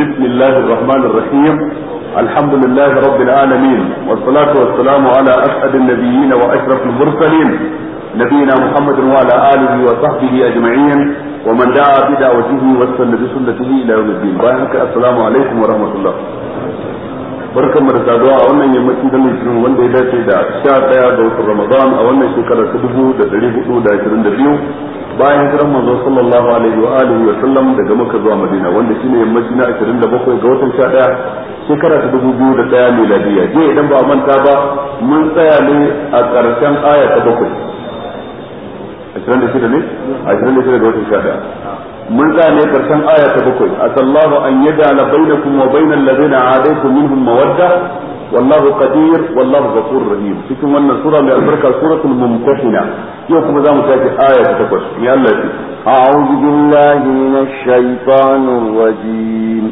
بسم الله الرحمن الرحيم الحمد لله رب العالمين والصلاة والسلام على أسعد النبيين وأشرف المرسلين نبينا محمد وعلى آله وصحبه أجمعين ومن دعا بدعوته وسن بسنته إلى يوم الدين بارك السلام عليكم ورحمة الله barkan da saduwa a wannan yammacin da mai wanda ya dace da sha daya ga watan ramadan a wannan shekarar ta dubu da dari hudu da ashirin da biyu bayan hijiran manzo sallallahu alaihi wa alihi wa sallam daga Makka zuwa Madina wanda shine yammaci na 27 ga watan 11 shekara ta 2001 miladiya je idan ba manta ba mun tsaya ne a ƙarshen aya ta 7 26 ne 26 ga watan 11 mun tsaya ne ƙarshen aya ta 7 asallahu an yaj'ala bainakum wa bainal ladina adaykum minhum mawadda والله قدير والله غفور رحيم cikin wannan sura mai albarka suratul mumtahina yau kuma zamu tafi aya ta takwas ya Allah ki a'udhu billahi minash shaitanir rajim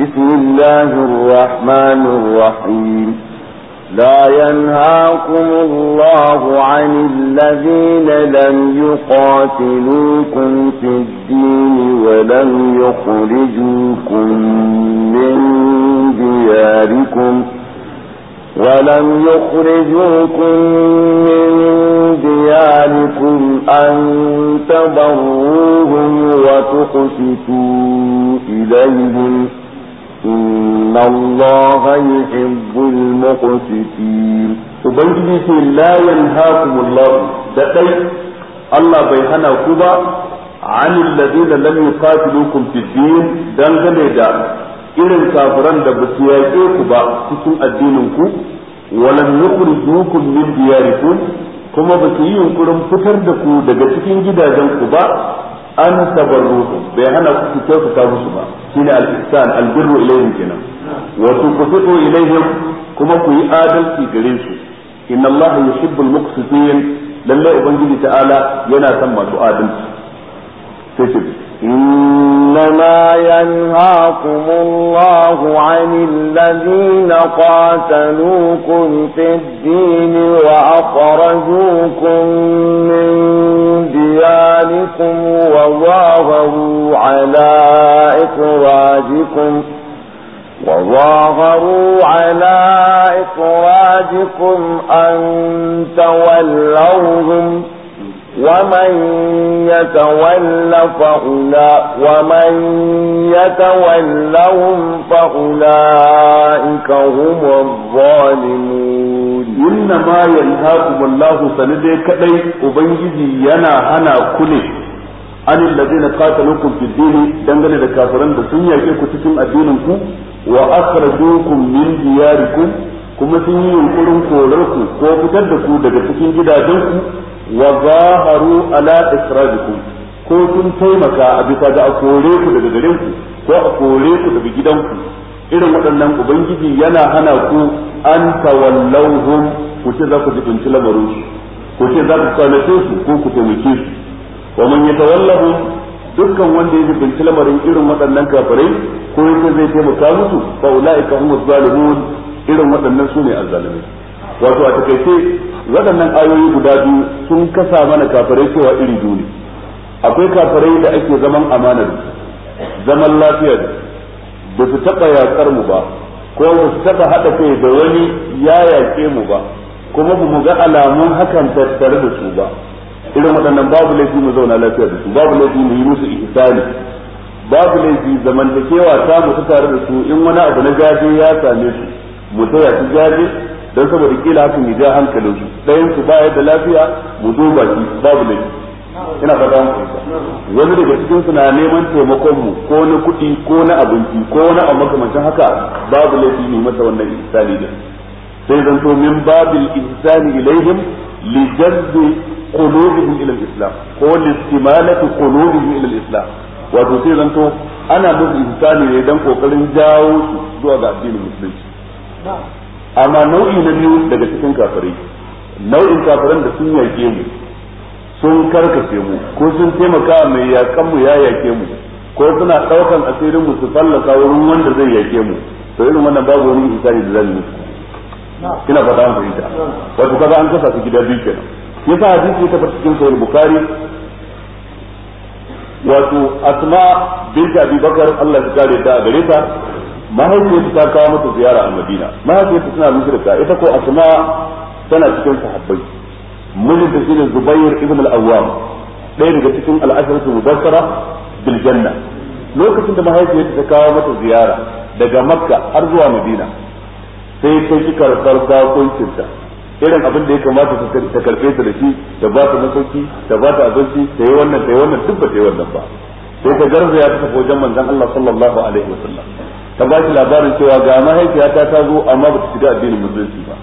bismillahir rahmanir rahim لا ينهاكم الله عن الذين لم يقاتلوكم في الدين ولم يخرجوكم من دياركم ولم يخرجوكم من دياركم أن تبروهم وتقسطوا إليهم إن الله يحب المقسطين وبنجي في لا ينهاكم الله دقي الله بيهنا كبا عن الذين لم يقاتلوكم في الدين دنجل دارك irin kafiran da ba su yaƙe ku ba cikin addinin ku walan yukhrijukum min diyarikum kuma ba su yi yunkurin fitar da ku daga cikin gidajen ku ba an tabarruhu bai hana ku kyautata musu ba shine al-ihsan al-birru ilayhim kenan wa tuqsitu ilayhim kuma ku yi adalci gare su inna Allah yuhibbul muqsitin lalle ubangiji ta'ala yana son masu adalci sai إنما ينهاكم الله عن الذين قاتلوكم في الدين وأخرجوكم من دياركم وظاهروا على إخراجكم وظاهروا على إخراجكم أن تولوهم wa ma ya tsawon lawan faɗu na in kan huma bani mu. yin na mayen taku wallahu sanu dai kadai ubangiji yana hana ku ne. an ɗan na kasanokun fidda ne dangane da kafarin da sun yaƙe ku cikin addinanku wa asarar dukkan min ziyariku kuma sun yi yunkurin korarku ko fitar da ku daga cikin gidajenku wa zaharu ala israjikum ko sun taimaka a bisa da a kore ku daga garin ku ko a kore ku daga ku irin waɗannan ubangiji yana hana ku an tawallauhum ku ce za ku jibinci lamarin su ku ce za ku kwanace su ko ku taimake su wa man yatawallahum dukkan wanda ya jibinci lamarin irin waɗannan kafirai ko yake zai taimaka musu fa ulaika humu zalimun irin waɗannan su ne azzalimai wato a takaice waɗannan ayoyi guda biyu sun kasa mana kafirai cewa iri biyu ne akwai kafirai da ake zaman amana zaman lafiya da su taɓa yaƙar mu ba ko ba su taɓa haɗa kai da wani ya yaƙe mu ba kuma ba mu ga alamun hakan tattare da su ba irin waɗannan babu laifi mu zauna lafiya da su babu laifi mu yi musu ihsani babu laifi zamantakewa ta mutu tare da su in wani abu na gaje ya same su mu taya su gaje don saboda kila hakan ya ja hankalin su ɗayan su baya da lafiya mu duba shi babu laifi ina fata mu wani daga cikin su na neman taimakon mu ko na kuɗi ko na abinci ko na abu makamancin haka babu laifi ne masa wannan ihsani da sai zan to min babil ihsani ilaihim li jazbi qulubihim ila al-islam ko li istimalati qulubihim ila al-islam wato sai zan to ana musu ihsani ne dan kokarin jawo su zuwa ga addinin musulunci amma nau'i na biyu daga cikin kafirai nau'in kafiran da sun yake mu sun karkace mu ko sun taimaka mai yakan mu ya yake mu ko suna ɗaukan asirin mu su fallaka wurin wanda zai yake mu to irin wannan babu wani isari da zan musu kina fata an fahimta wato kaga an kasa su gida biyu kenan yasa hadisi ya tabbata cikin sahih bukhari wato asma binta abi bakar Allah ya kare ta a gare ta mahaifiyarta ta kawo mata ziyara a madina mahaifiyarta tana mushrika ita ko asma tana cikin sahabbai mijinta shine zubair ibn al-awwam ɗaya daga cikin al'asharatu mubassara bil lokacin da mahaifiyarta ta kawo mata ziyara daga makka har zuwa madina sai ta ki karɓar bakuncinta irin abin da ya kamata ta karɓe ta da shi ta ba ta masauki ta ba ta abinci ta yi wannan ta yi wannan duk ba ta yi wannan ba sai ta garzaya ta tafi wajen manzon Allah sallallahu alaihi wasallam ta ba shi labarin cewa ga mahaifiyata ta zo amma ba ta shiga addinin musulunci ba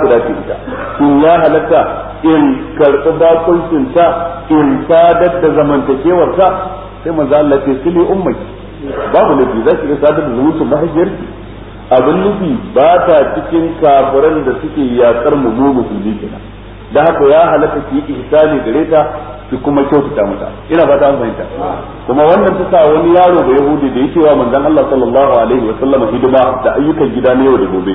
ku dace ita in ya halatta in karɓi bakuncin ta in sadar da zamantakewar ta sai manzo Allah ce sili ummai babu nufi za ki iya sadar da zumuncin mahaifiyarki abin nufi ba ta cikin kafiran da suke yakar mu mu musulmi kenan da haka ya halatta ki yi ihsani gare ta ki kuma kyautata mata ina ba ta fahimta kuma wannan ta sa wani yaro da yahudi da yake wa manzon Allah sallallahu alaihi wa sallam hidima da ayyukan gida na yau da gobe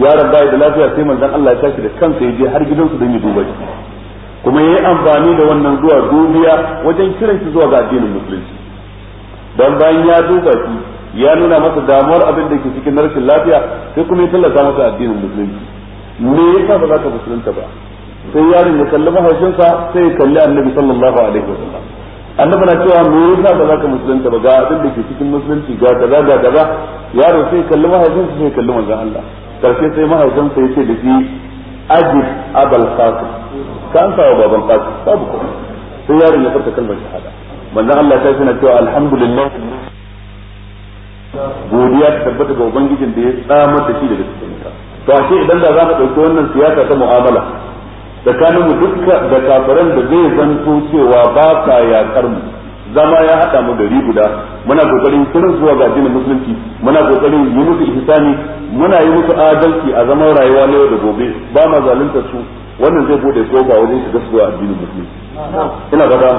yaron bai da lafiya sai manzon Allah ya tashi da kansa ya je har gidansu don ya duba shi kuma yayi amfani da wannan zuwa dubiya wajen kiran shi zuwa ga addinin musulunci dan bayan ya duba shi ya nuna masa damuwar abin da ke cikin rashin lafiya sai kuma ya tallata masa addinin musulunci me yasa ba za ka musulunta ba sai yaron ya kalli mahaifinsa sai ya kalli annabi sallallahu alaihi wasallam annabi na cewa me yasa ba za ka musulunta ba ga abin da ke cikin musulunci ga kaza ga kaza yaro sai kalli mahaifinsa sai kalli manzon Allah karshe sai mahaifinsa ya ce da shi ajib abal qasim ka an sa baban qasim babu ko sai yaron ya furta kalmar shahada manzon Allah sai yana cewa alhamdulillah godiya ta tabbata ga ubangijin da ya tsamar da shi daga cikin ta to ashe idan da za ka dauki wannan siyasa ta mu'amala tsakanin mu dukka da kafiran da zai zanto cewa ba sa yakar mu zama ya hada mu gari guda muna kokarin kirin zuwa ga jinin musulunci muna kokarin yi musu ihsani muna yi musu adalci a zaman rayuwa na yau da gobe ba ma zalunta su wannan zai bude ko ba wajen shiga zuwa addinin musulunci ina ga ba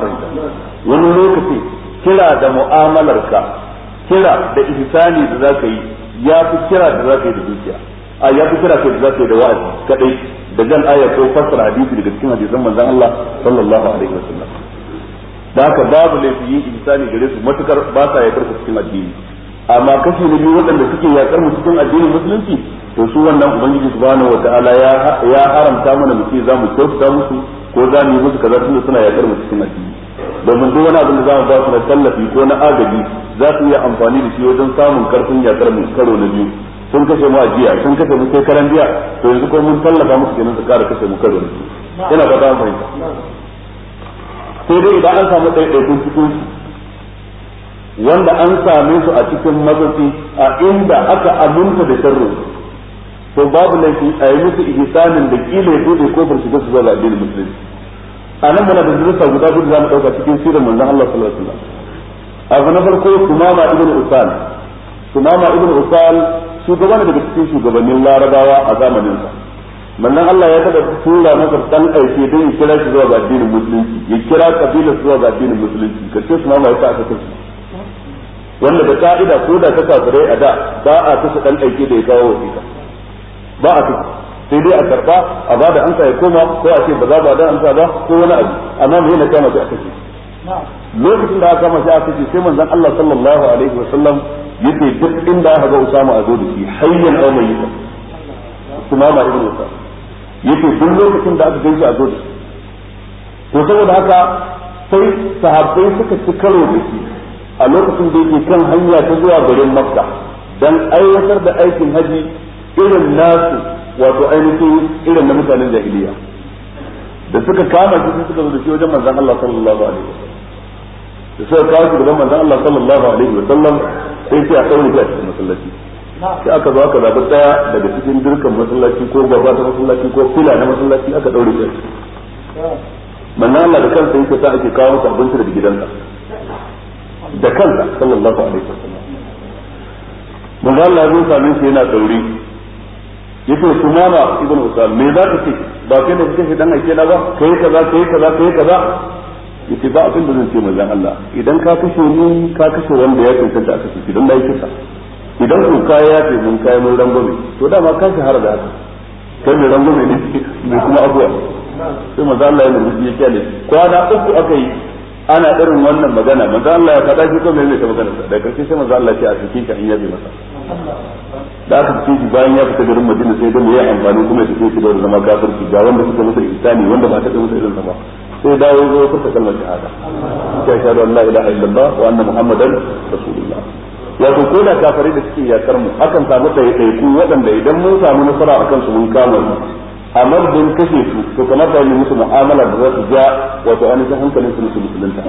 wani lokaci kira da mu'amalar ka kira da ihsani da zaka yi ya fi kira da zaka yi da dukiya a ya fi kira kai za ta yi da wa'azi kadai da jan aya ko fassara hadisi daga cikin hadisan manzon Allah sallallahu alaihi wasallam da haka babu laifi yin insani gare su matukar ba sa ya karfa cikin addini amma kashi na biyu waɗanda suke yakar mu cikin addinin musulunci to su wannan ubangiji subhanahu wataala ya ya haramta mana mu ce za mu kyauta musu ko za mu yi musu kaza tunda suna yakar mu cikin addini domin duk wani abin da za mu ba su na tallafi ko na agaji za su iya amfani da shi wajen samun karfin yakar mu karo na biyu sun kashe mu a jiya sun kashe mu sai karan biya to yanzu ko mun tallafa musu kenan su kara kashe mu karo ne ina ba ta fahimta sai dai idan an samu ɗaiɗaikun cikin su wanda an same su a cikin mazafi a inda aka aminta da sharro to babu laifi a yi musu ihsanin da kila ya bude kofar shiga su zuwa ga addinin musulunci a nan muna da zurfa guda gudu za mu ɗauka cikin sirrin manzon Allah sallallahu alaihi wasallam abu na farko sumama ibn usal sumama ibn usal shugaba ne daga cikin shugabannin larabawa a zamanin sa manzon Allah ya tada tura masa dan aike don ya kira shi zuwa ga addinin musulunci ya kira kabilar zuwa ga addinin musulunci ka su ma mai sa kace wanda da ka'ida ko da ta kafirai a da ba a kashe dan aike da ya kawo wasiƙa ba a kashe sai dai a karba a bada ansa ya koma ko a ce ba za ba da amsa ba ko wani abu amma me na kama sai a kashe lokacin da aka kama shi aka ce sai manzon Allah sallallahu alaihi wa sallam yace duk inda aka ga Usama a zo da shi hayyan aw mayyitan ma ibn Usama yace duk lokacin da aka gan shi a zo da shi to saboda haka sai sahabbai suka ci karo da shi a lokacin da yake kan hanya ta zuwa garin Makka dan aiwatar da aikin haji irin nasu wato ainihin irin na mutanen jahiliya da suka kama shi suka zo da shi wajen manzon Allah sallallahu alaihi wa sallam da suka kawo shi gaban manzon Allah sallallahu alaihi wa sallam sai sai a kauri ta cikin masallaci sai aka zo aka zabi daya daga cikin dirkan masallaci ko gaba ta masallaci ko fila na masallaci aka daure shi manzon Allah da kansa yake sa ake kawo masa abinci daga gidansa da kansa sallallahu alaihi wa sallam manzon Allah zai sami shi yana daure yace sumama ibn usman me za ka ce ba kai da kake dan ake na ba kai kaza kai kaza kai kaza yace ba abin da zan ce manzon Allah idan ka kashe ni ka kashe wanda ya cancanta aka kashe idan dai kisa idan ku kaya ya ce mun kai mun rangwame to dama ka har da haka kai mai rangwame ne mai kuma abuwa sai manzon Allah ya nuna ya ne kwana uku aka yi ana irin wannan magana manzo Allah ya faɗa shi kuma mai ta magana da karshe sai manzo Allah ya ce a cikin ka in yabe masa da aka ce shi bayan ya fita garin Madina sai da ya amfani kuma ya tafi shi da zama kafirci ga wanda suka masa ihsani wanda ba ta da masa irin sa ba sai dawo zo furta kalmar shahada sai shahadu an wa muhammadan rasulullah wato ko da kafare da suke yakar mu akan samu ɗaiɗaiku waɗanda idan mun samu nasara akan su mun kama a madadin kashe su to kamar da yi musu mu'amala da za su ja wato ainihin hankalin su musu musulunta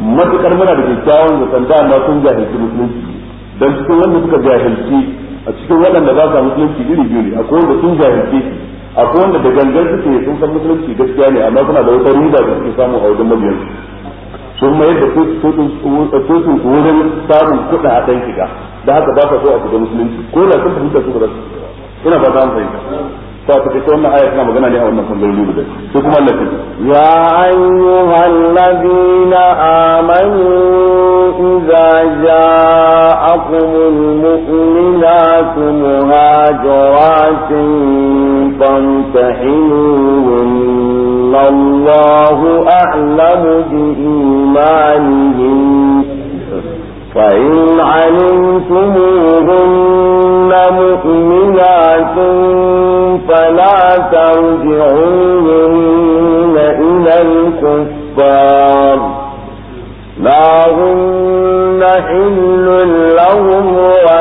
matukar muna da kyakkyawan zaton dama sun jahilci musulunci dan cikin wanda suka jahilci a cikin waɗanda ba sa musulunci iri biyu ne akwai wanda sun akwai wanda da gangan suke sun san musulunci gaskiya ne amma suna da wata riba da suke samu a wajen mabiyan sun mayar da tutun wurin samun kuɗa a ɗan shiga da haka ba ka so a shiga musulunci ko da sun fahimta su ba ina ba za mu fahimta ta take ta wannan aya tana magana ne a wannan bangarori guda sai kuma Allah ya ayyuhal ladina amanu idza jaa معكم المؤمنات مهاجرات فامتحنوهن الله أعلم بإيمانهن فإن علمتموهن مؤمنات فلا ترجعون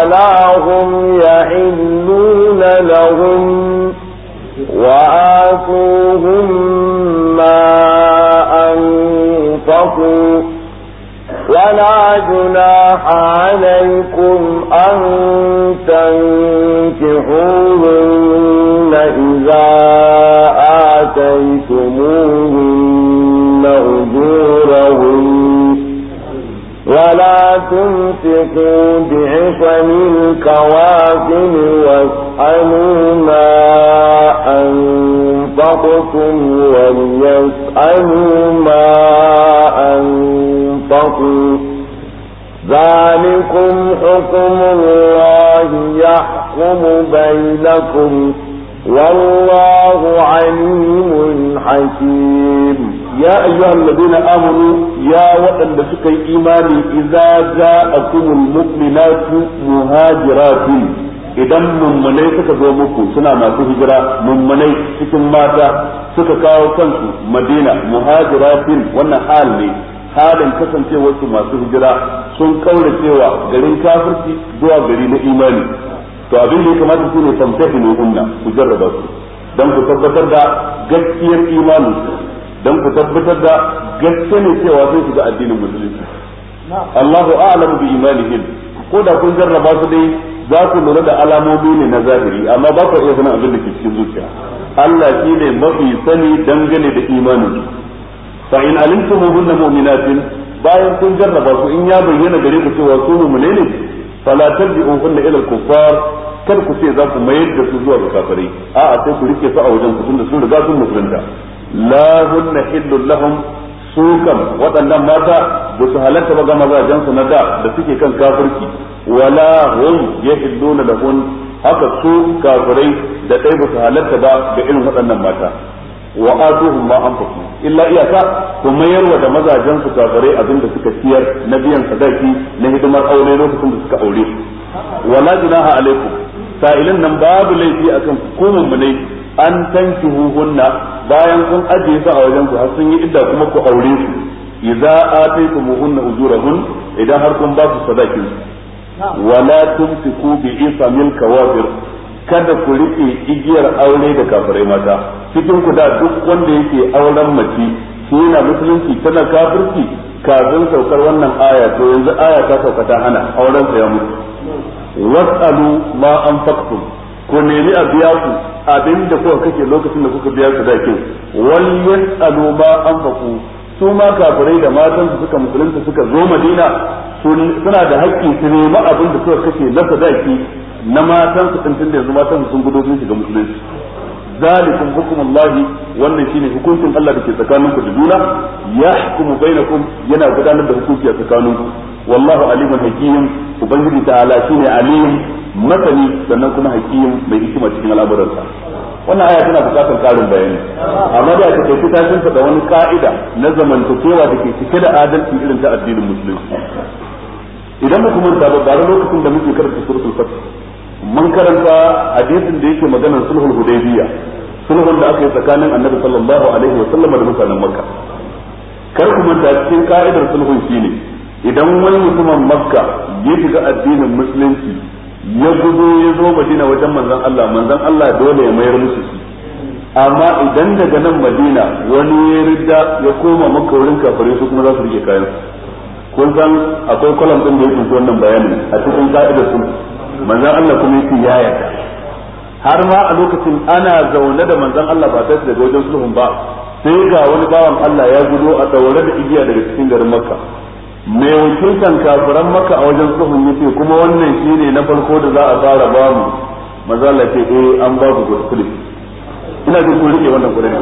ولا هم يحلون لهم وآتوهم ما أنفقوا ولا جناح عليكم أن تنكحوهن إذا آتيتموهن أجورهن ولا تمسكوا بعصم الكواكب واسألوا ما أنفقتم وليسألوا ما أنفقوا ذلكم حكم الله يحكم بينكم والله عليم حكيم ya ayyuhal ladina amanu ya waɗanda suka yi imani idza ja'akumul mu'minatu muhajirafin idan mummunai suka zo muku suna masu hijira mummunai cikin mata suka kawo kansu madina muhajiratin wannan hal ne halin kasancewarsu masu hijira sun kaura cewa garin kafirci zuwa gari na imani to abin da ya kamata su ne tamtahi ne kunna ku jarraba su don ku tabbatar da gaskiyar imanin dan ku tabbatar da gaske ne cewa sun shiga addinin musulunci Allahu a'lam bi imanihim ko da kun jarraba su dai za ku lura da alamomi ne na zahiri amma ba ku iya sanin abin da ke cikin zuciya Allah shi ne mafi sani dangane da imanin fa in hunna mu'minatin bayan kun jarraba su in ya bayyana gare ku cewa su mu'mine ne fala tarji'uhunna ila al-kuffar kar ku ce za ku mayar da su zuwa ga kafirai a'a sai ku rike su a wajen ku tunda sun riga sun musulunta la hunna illul lahum su waɗannan mata ba su halatta ba ga mazajensu na da da suke kan kafirki wala hum yahilluna lahun haka su kafirai da dai ba su halatta ba ga irin waɗannan mata wa atuhum ma anfaqu illa iyaka ku mayarwa da mazajen su kafirai abin da suka siyar na biyan sadaki na hidimar aure lokacin da suka aure wala junaha alaikum sa'ilin nan babu laifi akan ku mun an tanki hunna bayan kun ajiye su a wajen ku har sun yi idda kuma ku aure su idza muhunna ujurahun idan har kun ba su sadakin wala tumsiku bi isamil kawabir kada ku rike igiyar aure da kafirai mata cikin ku da duk wanda yake auren mace shi yana musulunci tana kafirci kafin saukar wannan aya to yanzu aya ta sauka ta hana auren sa ya mutu wasalu ma an ku nemi a biya ku abin da kuka kake lokacin da kuka biya sadakin wal yasalu ma anfaqu su ma kafirai da matan su suka musulunta suka zo madina suna da haƙƙi su nemi abin da kowa kake na sadaki na matan su tun da yanzu matan sun gudu sun shiga musulunci zalikum hukumullahi wannan shine hukuncin Allah da ke tsakaninku da juna yahkumu bainakum yana gudanar da hukunci a tsakaninku wallahu alimun hakim ubangiji ta'ala ne alim masani sannan kuma hakim mai hikima cikin al'amuransa wannan aya tana bukatar karin bayani amma da ta kai ta sun da wani ka'ida na zamantakewa da ke cike da adalci irin ta addinin musulunci idan muka manta ba bare lokacin da muke karanta suratul fath mun karanta hadisin da yake maganar sulhul hudaybiya sulhun da aka yi tsakanin annabi sallallahu alaihi wa sallam da mutanen makka kar ku manta cikin ka'idar sulhun shine idan wani mutumin makka ya shiga addinin musulunci ya gudu ya zo madina wajen manzon Allah manzon Allah dole ya mayar musu shi amma idan daga nan madina wani ya ridda ya koma makka wurin kafare su kuma za su rike kayan kun san akwai kwalam din da ya kunshi wannan bayanin a cikin ka'idar su manzon Allah kuma yake ya yarda har ma a lokacin ana zaune da manzon Allah ba sai daga wajen sulhun ba sai ga wani bawan Allah ya gudu a daure da igiya daga cikin garin makka mai wakiltan kafiran maka a wajen tsohon yake kuma wannan shine na farko da za a fara ba mu maza Allah ce eh, an ba ku kuskure ina jin ku rike wannan kuɗin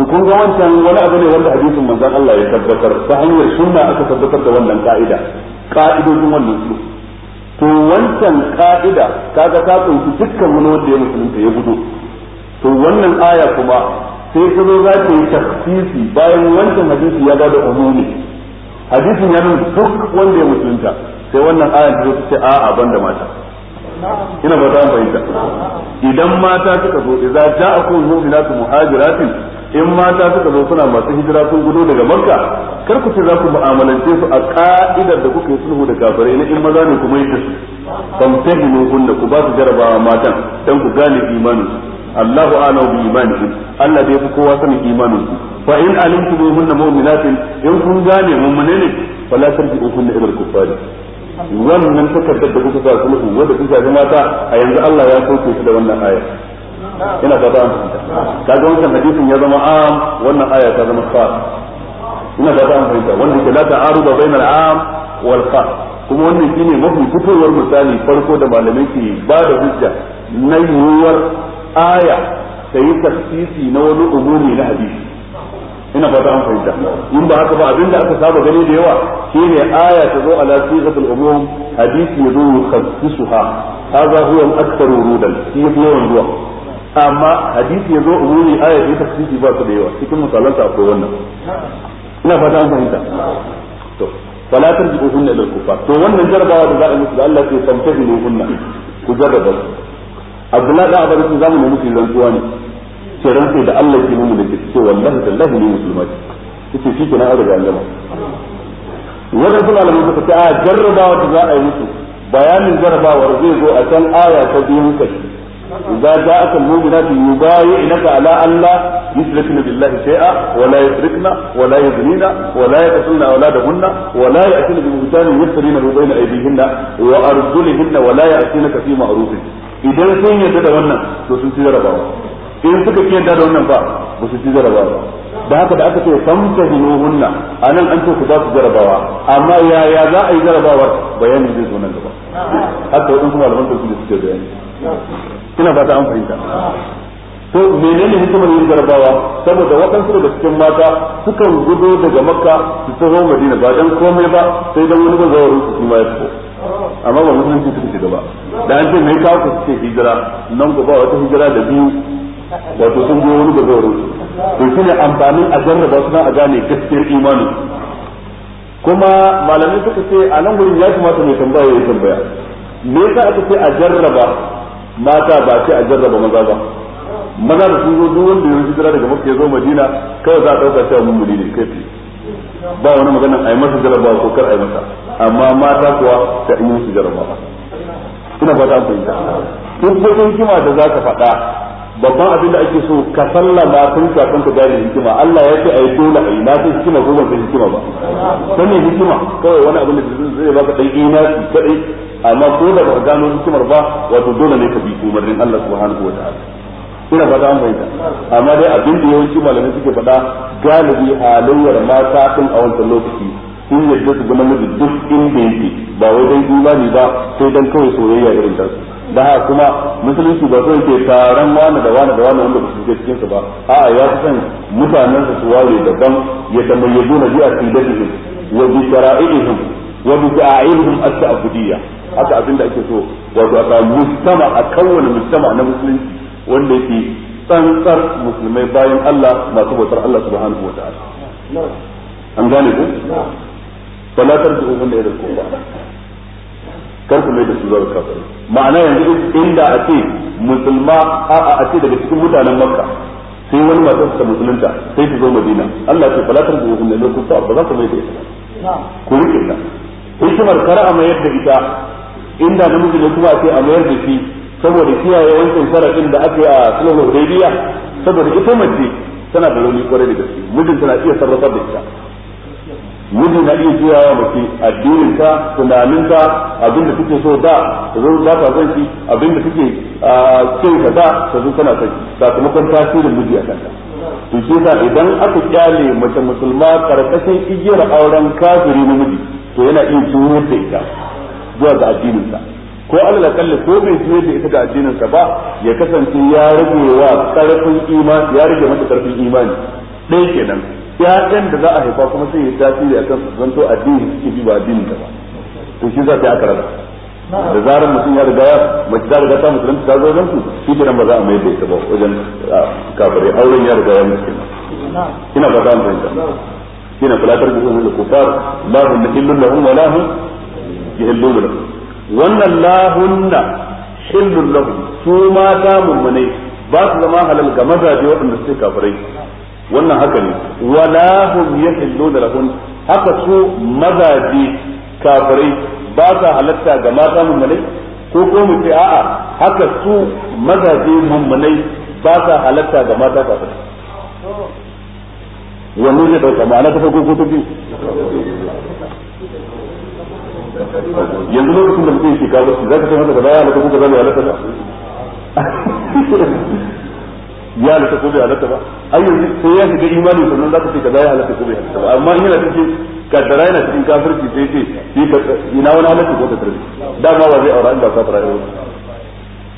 to kun ga wancan wani abu ne wanda hadisin manzon Allah ya tabbatar ta hanyar sunna aka tabbatar da wannan ka'ida ka'idojin wannan su to wancan ka'ida kaga ta kunshi dukkan wani wanda ya musulunta ya gudu to wannan aya kuma sai kuma za ta yi tafsiri bayan wancan hadisi ya ba da umumi hadisin ya nuna duk wanda ya musulunta sai wannan aya ta zo ce a'a banda mata ina ba ta mu fahimta idan mata suka zo idza ja'akum mu'minatu muhajiratin in mata suka zo suna masu hijira sun gudu daga makka kar ku ce za ku mu'amalance su a ka'idar da kuka yi sulhu da kafare na in maza ne kuma yi su famtahinu kunna ku ba su jarabawa matan dan ku gane imanin Allahu a'lamu bi imanihim Allah bai fi kowa sanin imanin su fa in alimtumuhunna mu'minatin in kun gane mu'mine ne fala tarji'uhunna ila al-kuffari wannan takardar da kuka sa sulhu wanda kuka ga mata a yanzu Allah ya sauke shi da wannan aya ina fata an fahimta kaga wannan hadisin ya zama am wannan aya ta zama khas ina fata an fahimta wanda ke la ta'aruda bainal am wal khas kuma wannan shine mafi fitowar misali farko da malamai ke ba da hujja na yiwuwar aya ta yi tafsisi na wani umumi na hadisi ina fata an fahimta in ba haka ba abinda aka saba gani da yawa shine aya ta zo ala sigatul umum hadisi ya zo yukhassisuha hadha huwa al-akthar wurudan shi yawan zuwa amma hadisi ya zo umumi aya ta yi ba su da yawa cikin misalanta akwai wannan ina fata an fahimta to fala tarji'uhunna ila al-kufar to wannan jarabawa da za a musu da Allah ke tantabi hunna ku jarraba su abdullahi da abar su zamu nemi kiran tuwa ne ce rantsi da Allah ke nuna da ce wallahi tallahi ne musulma ce yace shi kenan an riga wannan suna da ta a jarrabawa ta za a yi mutu. bayanin jarrabawar zai zo a can aya ta biyun wala إذا جاءك wala يبايعنك على wala لا يشركن بالله شيئا ولا يشركن ولا يزنين ولا يقتلن أولادهن ولا يأتين ببهتان يفترينه بين wala وأرجلهن ولا يأتينك في معروف idan sun yarda da wannan to sun ci jarabawa idan suka ci da wannan ba ba su ci jarabawa da haka da aka ce a anan an ce ku za ku jarabawa amma yaya za a yi jarabawar bayanin zai zo nan gaba haka wadansu malaman ne suke bayani kina ba ta an fahimta to menene hikimar yin jarabawa saboda waɗansu daga cikin mata sukan gudo daga makka su taho madina ba dan komai ba sai dan wani bazawar su ma ya fito amma ba ce suka shiga ba da an ce mai kawo ku suke hijira nan ba wata hijira da biyu wato sun goyi wani gaba wurin to ne amfanin a jarraba suna a gane gaskiyar imanin kuma malamai suka ce a nan gurin ya kamata mai tambaya ya tambaya me yasa aka ce a jarraba mata ba ce a jarraba maza ba maza da sun zo duk wanda ya hijira daga mafi ya zo madina kawai za a ɗauka cewa mun ne kai ba wani magana a yi masa jarabawa ko kar a yi masa amma mata kuwa ta yi musu jarabawa ina fata an fahimta duk wata hikima da za ka faɗa babban abin da ake so ka sallama tun kafin ka gane hikima Allah ya ce ayi dole ai na san hikima ko ban san hikima ba san ne hikima kawai wani abin da zai baka ina inasi kadai amma ko da ba gano hikimar ba wato dole ne ka bi umarnin Allah subhanahu ta'ala ina ba an bayyana amma dai abin da yawanci malamai suke faɗa galibi halayyar mata din a wancan lokaci sun yadda su gama namiji duk inda yake ba wai dan imani ba sai dan kawai soyayya irin ta da haka kuma musulunci ba sai ke taron wani da wani da wani wanda ba su je cikin su ba a'a ya fi san mutanen su ware daban ya tamayyadu na bi'a sidatihim wa bi shara'ihim wa bi da'ihim as-sa'budiyya haka abinda ake so wato a mustama a kowane mustama na musulunci wanda yake tsantsar musulmai bayan Allah masu bautar Allah subhanahu wa ta'ala an gane ku fala tarji'u hunna ila al ba kar ku mai da su zuwa kafir ma'ana yanzu inda a ce musulma a a ce daga cikin mutanen makka sai wani matar ta musulunta sai ta zo madina Allah ce fala da ubun da al-kufar ba za ku mai da ita ku rike ta hikimar kar a mayar da ita inda namiji ne kuma a ce a mayar da shi saboda kiyaye wancan sharadin da ake a sulhul hudaybiya saboda ita mace tana da rauni kwarai da gaske mijin tana iya sarrafa da ita mijin na iya kiyaye mace addinin ta tunanin ta abinda take so da ta zo za ta son shi abinda take kin ka da ta zo tana son sakamakon tasirin miji a kanta to shi yasa idan aka kyale mace musulma karkashin igiyar auren kafiri namiji to yana iya juyar da ita zuwa ga addinin sa ko alal akalla ko bai ji da ita da addinin sa ba ya kasance ya rage wa karfin imani ya rage mata karfin imani dai kenan ƴaƴan da za a haifa kuma sai ya tasiri akan su zanto addini suke bi ba addinin ka ba to shi za ta aka raba da zarar mutum ya riga ya mace ta riga ta musulunci ta zo wajen su shi kenan ba za a mai da ita ba wajen kafirai auren ya riga ya mutu ina ba za mu fahimta ina fulatar da su ne da kufar lahum illun lahum wa lahum yahillun lahum wannan lahunna hillun lahum su mata mummunai ba su zama halal ga mazaje waɗanda suke kafirai wannan haka ne wala hum yahilluna lahun haka su mazaje kafirai ba sa halatta ga mata mummunai ko ko mu ce a'a haka su mazaje mummunai ba sa halatta ga mata kafirai wannan zai dauka ma'ana ta farko ko ta biyu yanzu lokacin da mutum yake kawo shi zaka san haka da ya halaka ko kaza ne halaka ba ya halaka ko bai halaka ba ai yanzu sai ya shiga imani sannan zaka ce kaza ya halaka ko bai halaka ba amma in yana cikin kaddara yana cikin kafirci sai ce ina wani halaka ko da tarbi dama ba zai aura in ba ka fara yau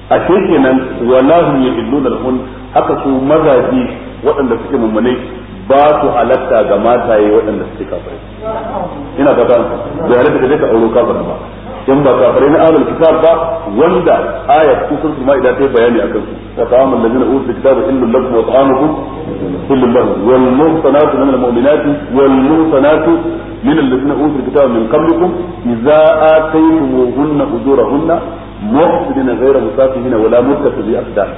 a ce kenan wallahu yahilluna al-hun haka su mazaji waɗanda suke mummune ba su halatta ga mataye waɗanda suke kafare. ina ga ban da halatta da ka auro kafir ba in ba kafare na ahlul kitab ba wanda aya cikin sun idan ta bayani akan su wa ta'amul ladina utul kitaba illal lakum wa ta'amukum illal lahum wal muhsanatu min al mu'minati wal muhsanatu من الذين أوتوا الكتاب من قبلكم إذا آتيتموهن أجورهن محسنين غير مسافهين ولا متخذي أقدام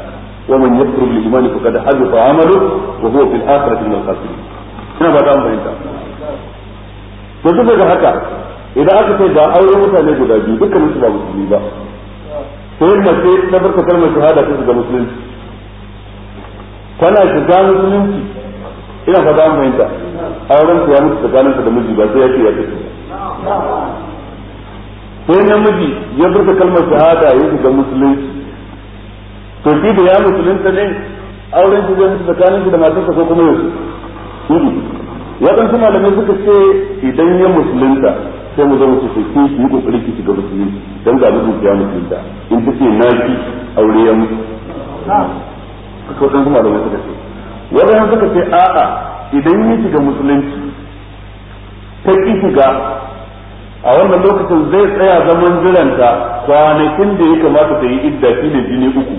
ومن يكفر بالإيمان فقد حبط عمله وهو في الآخرة من الخاسرين ina ba ta an fahimta to duk da haka idan aka ce ga aure mutane guda biyu dukkanin su ba musulmi ba to yadda sai ta farko kalmar shahada ta shiga musulunci tana shiga musulunci ina fata an fahimta auren ku ya mutu tsakanin da miji ba sai ya ce ya kace sai namiji ya furta kalmar shahada ya shiga musulunci to shi da ya musulunta ne auren shi zai tsakanin shi da matarsa ko kuma yau waɗansu malamai suka ce idan ya musulunta sai mu zama su soke su yi kokarin ki shiga musulunci don ga mutum ya musulunta in ta ce na ki aure ya musu. haka waɗansu malamai suka ce waɗansu suka ce a'a idan ya shiga musulunci ta ki shiga a wannan lokacin zai tsaya zaman jiranta kwanakin da ya kamata ta yi idda shi ne jini uku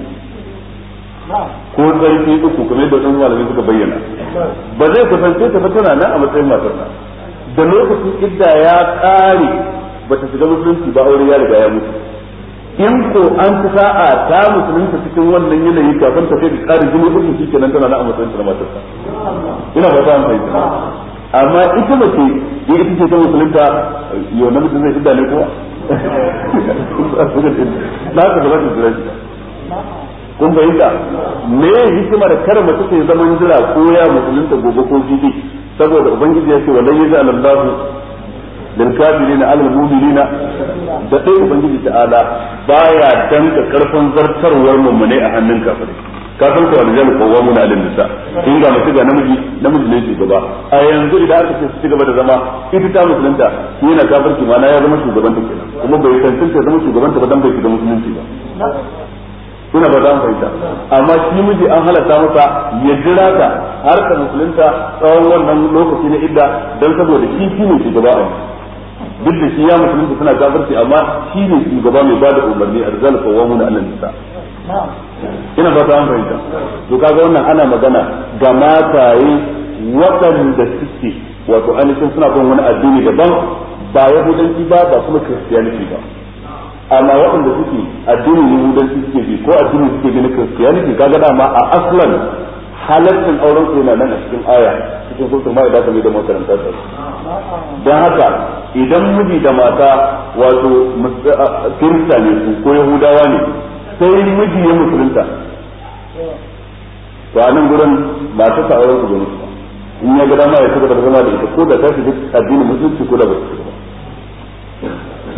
ko tsarki uku kuma yadda wasu malamai suka bayyana ba zai kusance ta ba tana nan a matsayin matarsa da lokacin idda ya ƙare ba ta shiga musulunci ba aure ya riga ya mutu in ko an fi sa'a ta musulunta cikin wannan yanayi kafin ta kai da ƙarin jini uku shi kenan tana nan a matsayin na matarsa ina ba ta fahimta amma ita mace ya ita ce ta musulunta yau na mutum zai idda ne kuwa na ka gaba da zira kun fahimta me hikimar kar mace ta zaman jira ko ya musulunta gobe ko jibi saboda ubangiji ya ce wallahi yaj'al Allahu lil kafirina al mu'minina da dai ubangiji ta'ala baya danka karfin zartarwar mummune a hannun kafirai ka san ko aljanna ko wa muna alin nisa in ga mace ga namiji namiji ne ke gaba a yanzu idan aka ce su ci gaba da zama ita ta musulunta yana kafirci ma na ya zama shugaban ta kenan kuma bai tantance zama shugaban ta ba dan bai shiga musulunci ba suna ba za mu fahimta amma shi miji an halatta masa ya jira ta har ka musulunta tsawon wannan lokaci na idda don saboda shi shi ne gaba a duk da shi ya musulunta suna gafarci amma shi ne gaba mai bada umarni a rizal kawamu wani Allah nisa ina ba za mu fahimta to kaga wannan ana magana ga mataye waɗanda suke wato ainihin suna bin wani addini daban ba yahudanci ba ba kuma kristiyaniti ba amma waɗanda suke addinin yahudanci suke bi ko addinin suke bi na ga kaga dama a aslan halattin auren su yana nan a cikin aya cikin sultan ma idan kamar da makaranta ta don haka idan miji da mata wato kirista ne su ko yahudawa ne sai miji ya musulunta to a nan gurin mata ta auren su ba in ya ga dama ya cigaba da zama da ita ko da ta shiga addinin musulunci ko da ba su ba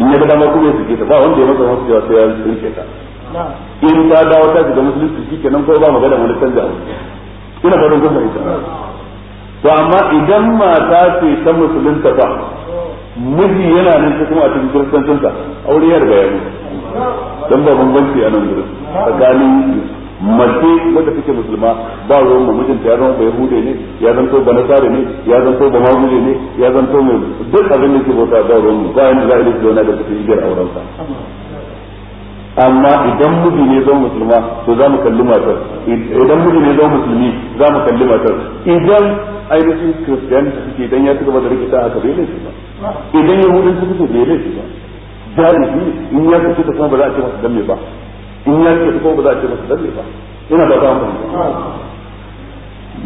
in ya ga dama kuma ya sake ta ba wanda ya masa wasu cewa sai ya suke ta in ta dawo ta shiga musulunci shi kenan kawai ba magana wani canja ina fadin kuma ita to amma idan mata ce ta musulunta ba miji yana nan ko kuma a cikin kiristancinta aure ya riga ya mutu dan ba bambanci a nan gurin tsakanin mace wanda take musulma ba ruwan mu mijinta ya zama yahude ne ya zanto ba nasara ne ya zanto ba maguje ne ya zanto mai duk abin da ke bauta ba ruwan mu ba yanda za a yi zauna da cikin igiyar auren sa amma idan miji ne zan musulma to za mu kalli matar idan miji ne zan musulmi za mu kalli matar idan ainihin kiristiyanci suke idan ya ci gaba da rikita haka bai laifi ba idan yahudin suke bai laifi ba jari in ya kace ta kuma ba za a ce masa dan me ba in ya ce ko ba za a ce masa dalle ba ina ba za mu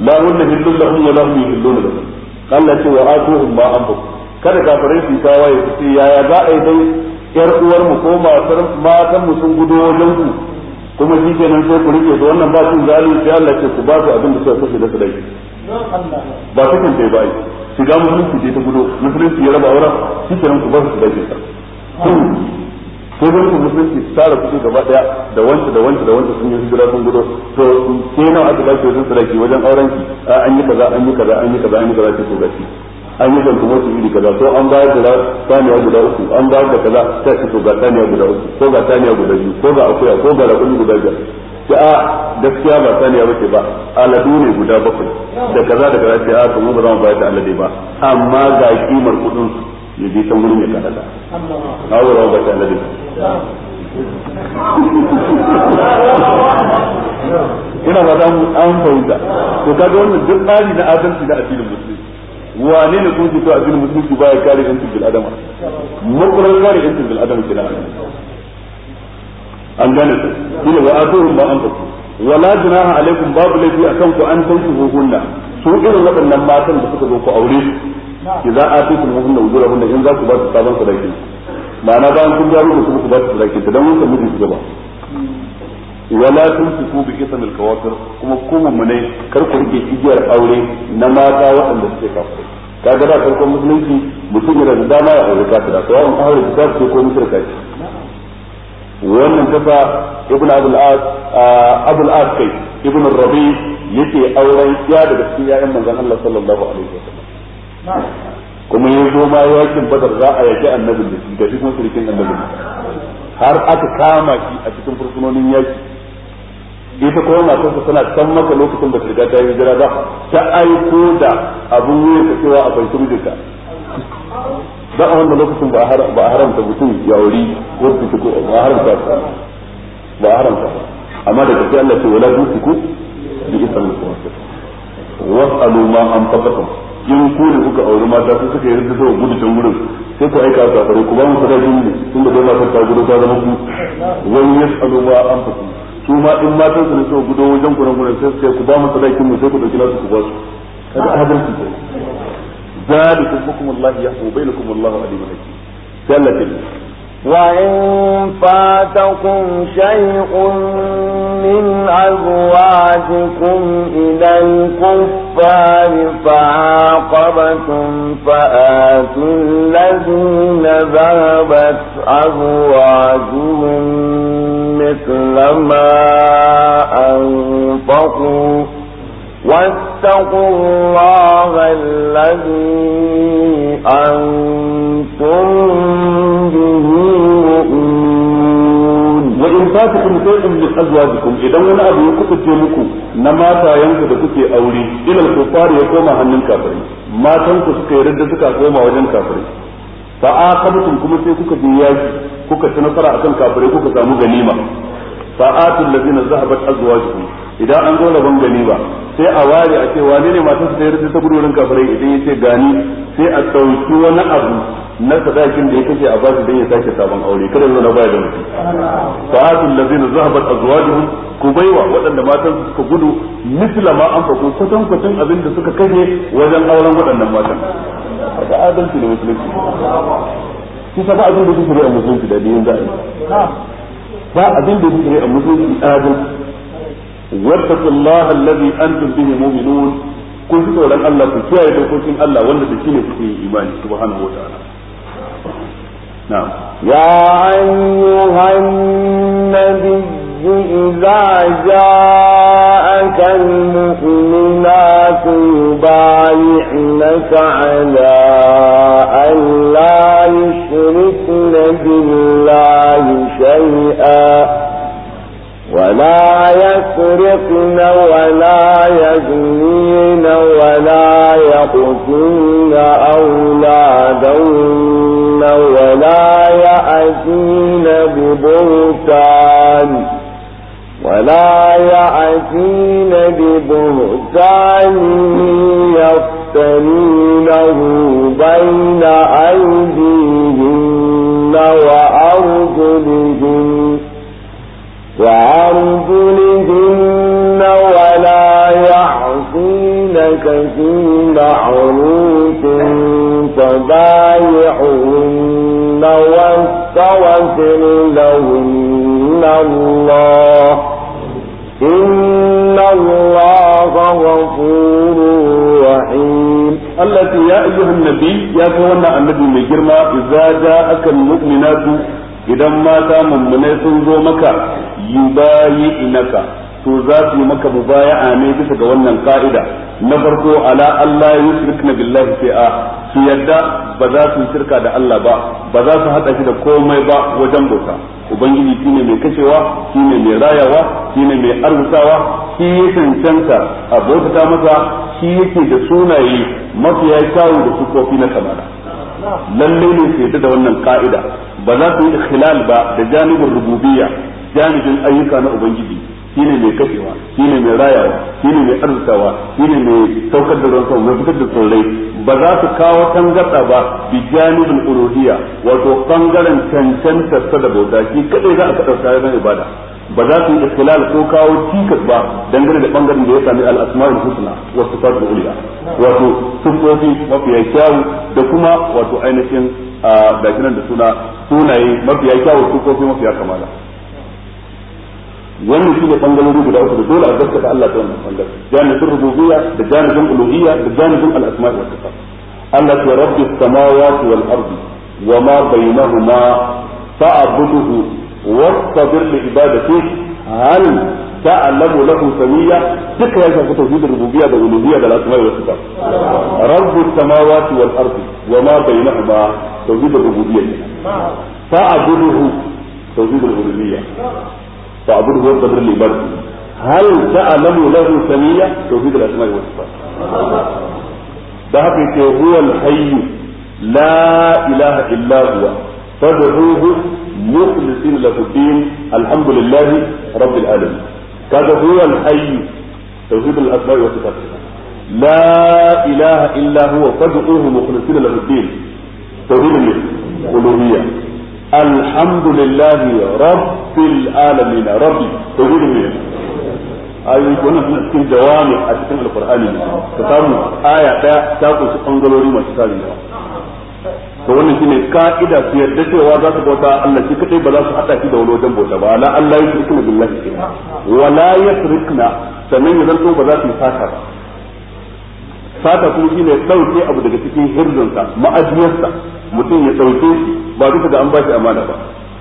la wanda hillun lahum wa lahum yuhilluna lahum Allah ce wa atuhum ma ambu kada kafirai su tawaye su ce yaya za a yi dai yar uwar mu ko matar matan mu sun gudo wajen ku kuma shi kenan sai ku rike su wannan ba su zalu sai Allah ce ku ba su abin da suka kashe da su dai ba su kan dai bai shiga musulunci ce ta gudo musulunci ya raba wurin shi kenan ku ba su dai ko ga su musulunci su tara kudi gaba daya da wanda da wanda da wanda sun yi hijira sun gudu to ke nan aka dace wajen sadaki wajen auren ki an yi kaza an yi kaza an yi kaza an yi kaza ki so gaci an yi zan kuma su iri kaza ko an ba da saniya guda uku an ba da kaza ta ki ko ga saniya guda uku ko ga saniya guda biyu ko ga akuya ko ga rakuni guda biyar ki a gaskiya ba saniya bace ba aladu ne guda bakwai da kaza da kaza ta a kuma ba za mu bayar da alade ba amma ga kimar kudin su ya je can wurin ya kada da awurawa ba ta alade ina ba za mu an fahimta to kaga wannan duk tsari na adalci na addinin musulunci wane ne kuma fito addinin musulunci baya kare yancin bil adama mukurar kare yancin bil adama kina an gane ku kuma wa atuhum ba an wa wala jinaha alaikum babu laifi akan ku an tauki hukunna su irin waɗannan matan da suka zo ku aure ki za a tuku hukunna ujura hunna in za ku ba su sabon sadaki ma'ana bayan kun jaru da su muku ba su zaki dan mun mutum muku gaba wala tumsiku bi kisan al-kawakir kuma ku mummune kar ku rike igiyar aure na mata waɗanda suke kafa kaga da farkon musulunci mutum yana da dama ya aure ka da to an aure da su ko mushrika ce wannan kafa ibn abul as abul as kai ibn rabi yake auren ya daga cikin ya'yan manzon Allah sallallahu alaihi wasallam kuma ya zo ma yakin badar za a yaki annabin da shi da cikin kuma surikin annabin har aka kama shi a cikin fursunonin yaki ita kuma matarsa tana san maka lokacin da riga ta yi jira ba ta aiko da abin wuyan ka cewa a bai turu da a wanda lokacin ba a haramta mutum ya wuri ko ta ko ba a haramta ba a haramta amma da kafi Allah ce wala zuku bi isan wasu wasalu ma an faqatum in ku da kuka auri mata ku suka yarda zuwa gudu can wurin sai ku aika ka faru ku ba mu sadaki ne sun da zama ta gudu ta zama ku wani ya yasalu ma an fasu su ma in mata su ne suka gudu wajen ku nan gurin sai sai ku ba mu sadaki mu sai ku dauki nasu ku ba su kada adalci ce zalikum hukmullahi yahkum bainakum wallahu alim hakim sai Allah ya وإن فاتكم شيء من أزواجكم إلى الكفار فعاقبتم فآتوا الذين ذهبت أزواجهم مثل ما أنفقوا واتقوا الله الذي أنتم به fatukum shay'un min azwajikum idan wani abu ya kubuce muku na matayenku da kuke aure ila kufar ya koma hannun kafirai matan ku suka yarda suka koma wajen kafirai fa aqabtum kuma sai kuka bi yaki kuka ci nasara akan kafirai kuka samu ganima fa atul ladina zahabat azwajuhum idan an zo rabon ganima sai a ware a ce wane ne matan su ta yarda ta gudu wurin kafirai idan yace gani sai a dauki wani abu na sadakin da ya kashe a bashi dan ya sake sabon aure kada zo na baya da mutum fa'atul ladzina zahabat azwajuhum baiwa waɗanda matan su suka gudu misla ma an fako kusan kusan abin da suka kashe wajen auren waɗannan matan da adalci da musulunci shi sa ba abin da suke a musulunci da biyan za'a ba abin da suke a musulunci adalci wattaqullaha alladhi antum bihi mu'minun kun ji tsoron Allah ku kiyaye dokokin Allah wanda da shi ne kuke imani subhanahu wa ta'ala نعم يا أيها النبي إذا جاءك المؤمنات يبايعنك على أن لا يشركن بالله شيئا ولا يسرقن ولا يزنين ولا يقتلن أولادهن ولا يأتين ببهتان ولا يأتين ببهتان يفتنونه بين أيديهن وأرجلهن وأرجلهن ولا يعصينك في معروف فبايعهن واستغفر لهن الله إن الله غفور رحيم التي يا أيها النبي يا كون النبي من جرما إذا جاءك المؤمنات إذا ما تام من سنزومك يبايعنك to za su yi maka mubaya'a ne bisa ga wannan ka'ida na farko ala Allah ya yusrikna billahi fi'a su yadda ba za su shirka da Allah ba ba za su hada shi da komai ba wajen bauta ubangiji shine mai kashewa shine mai rayawa shine mai arzutawa shi ya cancanta a bautata masa shi yake da sunaye mafiya kyawu da sukofi na kamala lalle ne su yadda da wannan ka'ida ba za su yi ikhlal ba da janibin rububiyya janibin ayyuka na ubangiji shine mai kafewa shine mai rayawa shine mai arzikawa shine mai saukar da ruwan sama mai fitar da tsirrai ba za su kawo tangarda ba bi janibul uluhiyya wato bangaren cancanta ta da bauta shi kadai za a kada sai na ibada ba za su yi istilal ko kawo cikas ba dangane da bangaren da ya sami al-asma'ul husna wa sifat al wato sifofi mafiya kyawu da kuma wato ainihin da ah, da suna sunaye mafiya kyawu sifofi mafiya kamala wannan shi ne bangalori guda uku da dole a gaskata Allah ta wannan bangare janibin rububiyya da janibin uluhiyya da janibin al-asma wa sifat Allah ya rabbi samawati wal ardi wa ma bainahuma fa'budhu wastabir li ibadatihi hal ta'lamu lahu samiyya duka ya shafi tauhidin rububiyya da uluhiyya da al-asma wa sifat rabbi samawati wal ardi wa ma bainahuma tauhidin rububiyya fa'budhu tauhidin uluhiyya فاعبده هو القدر لعبادته هل تعلم له سمية توحيد الاسماء والصفات ده هكذا هو الحي لا اله الا هو فادعوه مخلصين له الدين الحمد لله رب العالمين كذا هو الحي توحيد الاسماء والصفات لا اله الا هو فادعوه مخلصين له الدين توحيد الالوهيه alhamdulillahi rabbil alamin rabbi tauhidin ne ayoyi wannan suna cikin jawami a cikin alqur'ani ka samu aya daya ta kunshi bangalori masu tarin yawa to wannan shine ka'ida su yarda cewa za su bauta Allah shi kadai ba za su hada shi da wani wajen bauta ba la Allah ya shirku billahi shay'a wala la yasrikna sannan ya zanto ba za su fata ba fata kuma shine dauke abu daga cikin hirzansa ma'ajiyarsa mutum ya ɗauke shi ba duka da an ba shi amana ba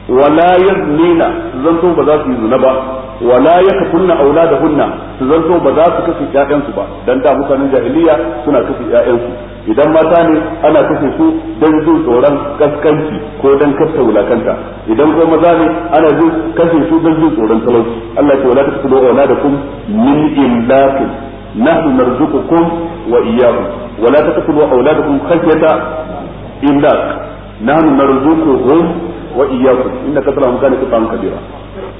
wala yaznina zanto ba za su yi zina ba wala da auladahunna su zanto ba za su kashe ƴaƴansu ba dan da mutanen jahiliya suna kashe ƴaƴansu idan mata ne ana kashe su dan jin tsoron kaskanci ko dan kasta wulakanta idan ko maza ne ana jin kashe su dan jin tsoron talauci Allah ce wala tasbu auladakum min imlakin nahnu narzuqukum wa iyyakum wala taqtulu auladakum khashyata imlaq nahnu narzuquhum wa iyyakum inna kasalahum kana kitan kabira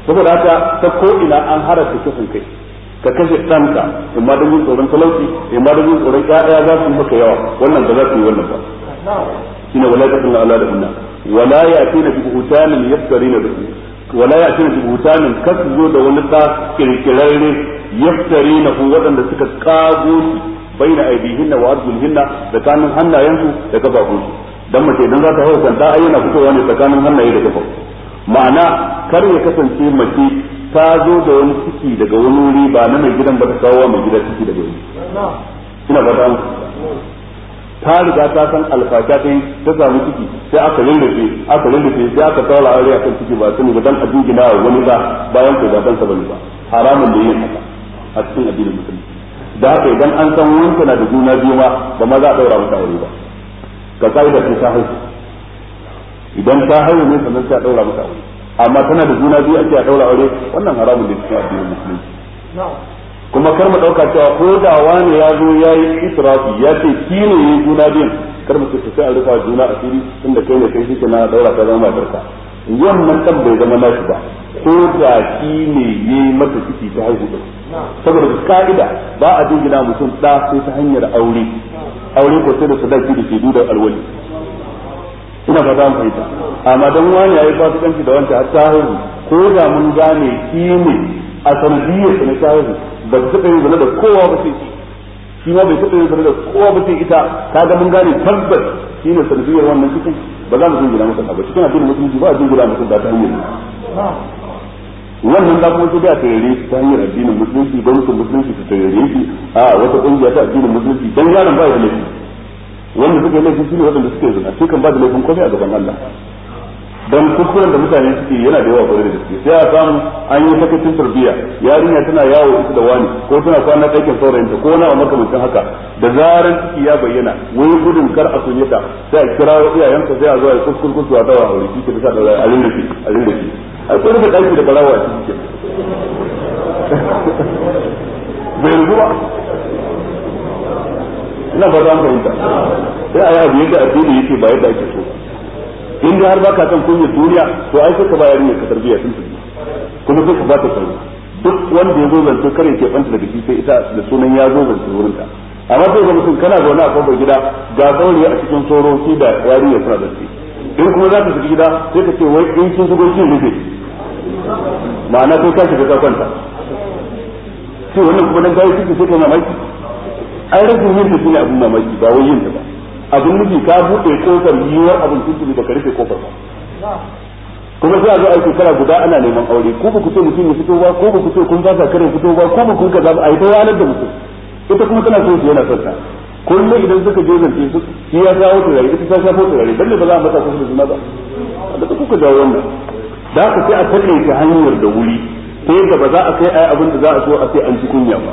saboda haka ta ko ina an harata kisan kai ka kashe ɗanka in ma da yin tsoron talauci in ma da yin tsoron ƴaƴa za su yi maka yawa wannan ba za su yi wannan ba shine wala ta kunna ala da kunna wala yatina bi hutanin yaftarina bihi wala ya yatina bi hutanin kasu zo da wani ta kirkirarre yaftarina ku waɗanda suka kago shi baina aibihinna wa arjulihinna da kanun hannayensu da kafafunsu dan mace idan za ta haihu kanta ai yana fitowa ne tsakanin hannaye da kafa ma'ana kar ya kasance mace ta zo da wani ciki daga wani wuri ba na mai gidan ba ta kawo wa mai gida ciki daga wani ina ba ta ta riga ta san alfaka ta ta samu ciki sai aka ce aka ce sai aka tsara aure a kan ciki ba sani ba dan a gina wa wani ba bayan ko ba dan sa bane ba haramun da yin haka a cikin addinin musulmi da haka idan an san wanka na da juna biyu ma ba ma za a daura mata aure ba ka ka'ida da ta haihu idan ta haihu ne sannan sai daura maka aure amma tana da juna biyu ake a daura aure wannan haramun da cikin addinin musulunci kuma kar mu dauka cewa ko da wani ya zo ya yi israfi ya ce ki ne yi juna biyu kar mu ce sai a rufa juna asiri tunda kai ne kai shi ke na daura ta zama matarka wannan dan bai zama nashi ba ko da shi ne ne mata ciki ta haihu da saboda ka'ida ba a gina mutum da sai ta hanyar aure aure ko sai da sadaki da ke da alwali ina ba za mu fahimta amma dan wani yayi fasikanci da wancan har ta haihu ko da mun gane shi ne a sanadiyyar sa na shahu ba ta taɓa yin da kowa ba sai shi shi ma bai taɓa yin da kowa ba sai ita kaga mun gane tabbas shi ne sanadiyyar wannan cikin ba za mu jingina masa ba cikin addinin musulunci ba a jingina masa da ta hanyar wannan da kuma da tarare shi ta hanyar addinin musulunci gwamnatin musulunci ta tarare shi a wata ƙungiya ta addinin musulunci don yaron ba ya da laifi wanda suka yi laifin laifi ne waɗanda suka yi zina su kan ba da laifin kwafi a gaban Allah don kuskuren da mutane suke yana da yawa gore da gaske sai a samu an yi sakacin tarbiyya yarinya tana yawo ita da wani ko tana kwana aikin saurayinta ko na makamancin haka da zaran ciki ya bayyana wani gudun kar a ta sai a kira wa iyayenka sai a zo a yi kuskur aure da sa a a da a bai ina ba za a yi abu ake so in har baka son kunyar duniya to ai sai ka bayar ne ka tarbiyya tafi kuma sai ka ba ta tsaro duk wanda ya zo zance kare ke banta daga shi sai ita da sunan ya zo zance wurin ta amma sai ga mutum kana zaune a kofar gida ga sauri a cikin tsoro shi da yarinya suna zance in kuma za ka shiga gida sai ka ce wai in kin shigo kin rufe ma'ana kai ka shiga ka kwanta sai wannan kuma dan gawo kike sai ka mamaki ai rashin yin ta ne abin mamaki ba wai yin ta ba abin nufi ka buɗe kofar yiwuwar abin tuntuni baka rufe kofar ba kuma sai a zo a yi shekara guda ana neman aure ko ba ku ce mutum ya fito ba ko ba ku ce kun fasa karin fito ba ko ba kun kaza ba a yi ta ranar da mutum ita kuma tana son su yana son ta kullum idan suka je zance su shi ya wata turare ita ta kawo turare dan ne ba za a mata kusa da juna ba a daga kuka jawo wannan da ku sai a ta hanyar da wuri sai da ba za a kai ai abin da za a so a sai an ci kunya ba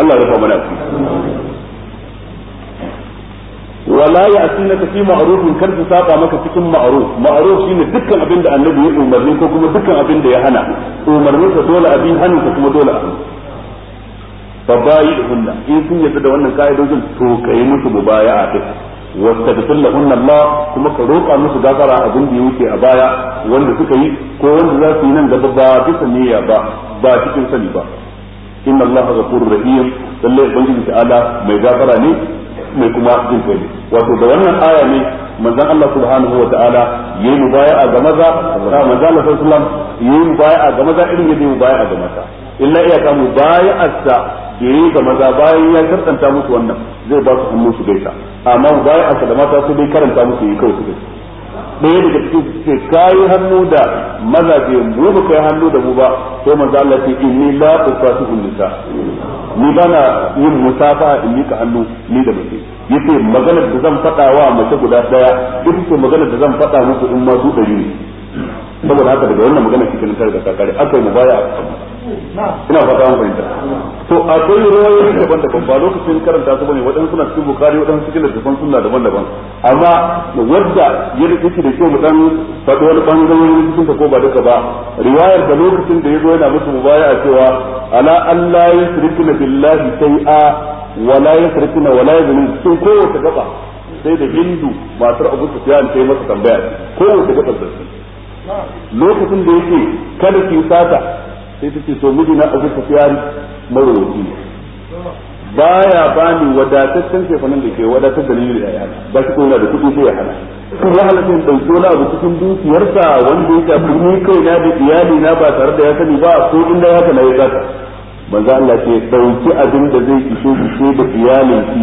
Allah ya fa mana ku wala ya'tinaka fi ma'rufin kar su saba maka cikin ma'ruf ma'ruf shine dukkan abin da annabi ya umarni ko kuma dukkan abin da ya hana umarnin ka dole abin hanin ka kuma dole abin fabayyihunna in sun yadda da wannan to musu واستغفر لهن الله كما كروقا musu gafara abin da yake a baya wanda suka yi ko wanda za su yi nan gaba ba bisa niyya ba ba cikin sani ba inna allaha ghafurur rahim lalle ubangiji mai gafara ne mai kuma jin koli wato da wannan aya ne manzon Allah subhanahu wa ta'ala yayi mubaya'a ga maza ta manzon Allah sallallahu alaihi wasallam yayi mubaya'a ga maza irin yadda mubaya'a ga mata illa iya ka mubaya'arsa da yayi ga maza bayan ya karanta musu wannan zai ba su hannu su gaisa amma mubaya'arsa da mata su dai karanta musu yi kawai su gaisa ɗaya daga cikin su ce kayi hannu da mazaje mu ba kai hannu da mu ba sai manzo Allah ce inni la nisa ni bana yin musafa in yi ka hannu ni da mace yace maganar da zan faɗa wa mace guda daya ita ce maganar da zan faɗa muku in ma su ɗari ne saboda haka daga wannan magana cikin tare da kakare akai mu baya a ina fata an fahimta to akwai ruwayoyi daban-daban ba lokacin karanta su bane waɗansu na cikin bukari waɗansu cikin littafin sunna daban-daban amma wadda ya rikici da kyau mutan dan faɗi wani ɓangarorin cikin ta ko ba duka ba riwayar da lokacin da ya zo yana musu mubaya cewa ala Allah ya shirkina billahi sai'a wala ya shirkina wala ya zuni cikin kowace gaba sai da hindu matar abu sufiyan ta yi masa tambaya kowace gaba da lokacin da yake kada ki sata sai ta ce to na abu sufyan marwaci baya bani wadataccen shekwanin da ke wadatar da ni da yana ba shi kuma da kuɗi sai ya hana kun ya halatta in ɗauki na abu cikin dukiyarsa wanda ya shafi ni kai na da iyali na ba tare da ya sani ba ko inda ya na ya zaka manzo Allah ce ɗauki abin da zai ishe ishe da iyalin ki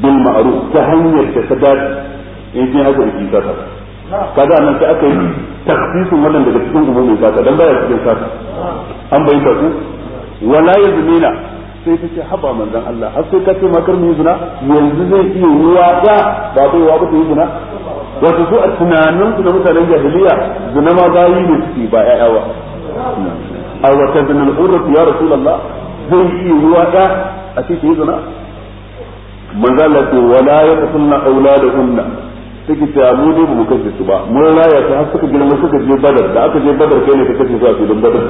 bil ma'ruf ta hanyar da ta dace in ji haka da ki zaka kaga nan sai aka yi taksisin wannan daga cikin umumin sata dan baya cikin sata an bai ta ku wala yuzmina sai ta ce haba manzon Allah har sai kace ma kar mu yi yanzu zai iya ruwa da ba da ruwa ba ta yi zina wato su a tunanin su na mutanen jahiliya zuna ma yi ne su ba ƴaƴa ba a kadin al urrat ya rasulullah zai iya ruwa da a cikin yuzna yi manzon Allah ce wala yaqtulna auladuhunna suke cewa mu dai ba mu kashe su ba mun raya su har suka girma suka je badar da aka je badar kai ne ka kashe su a filin badar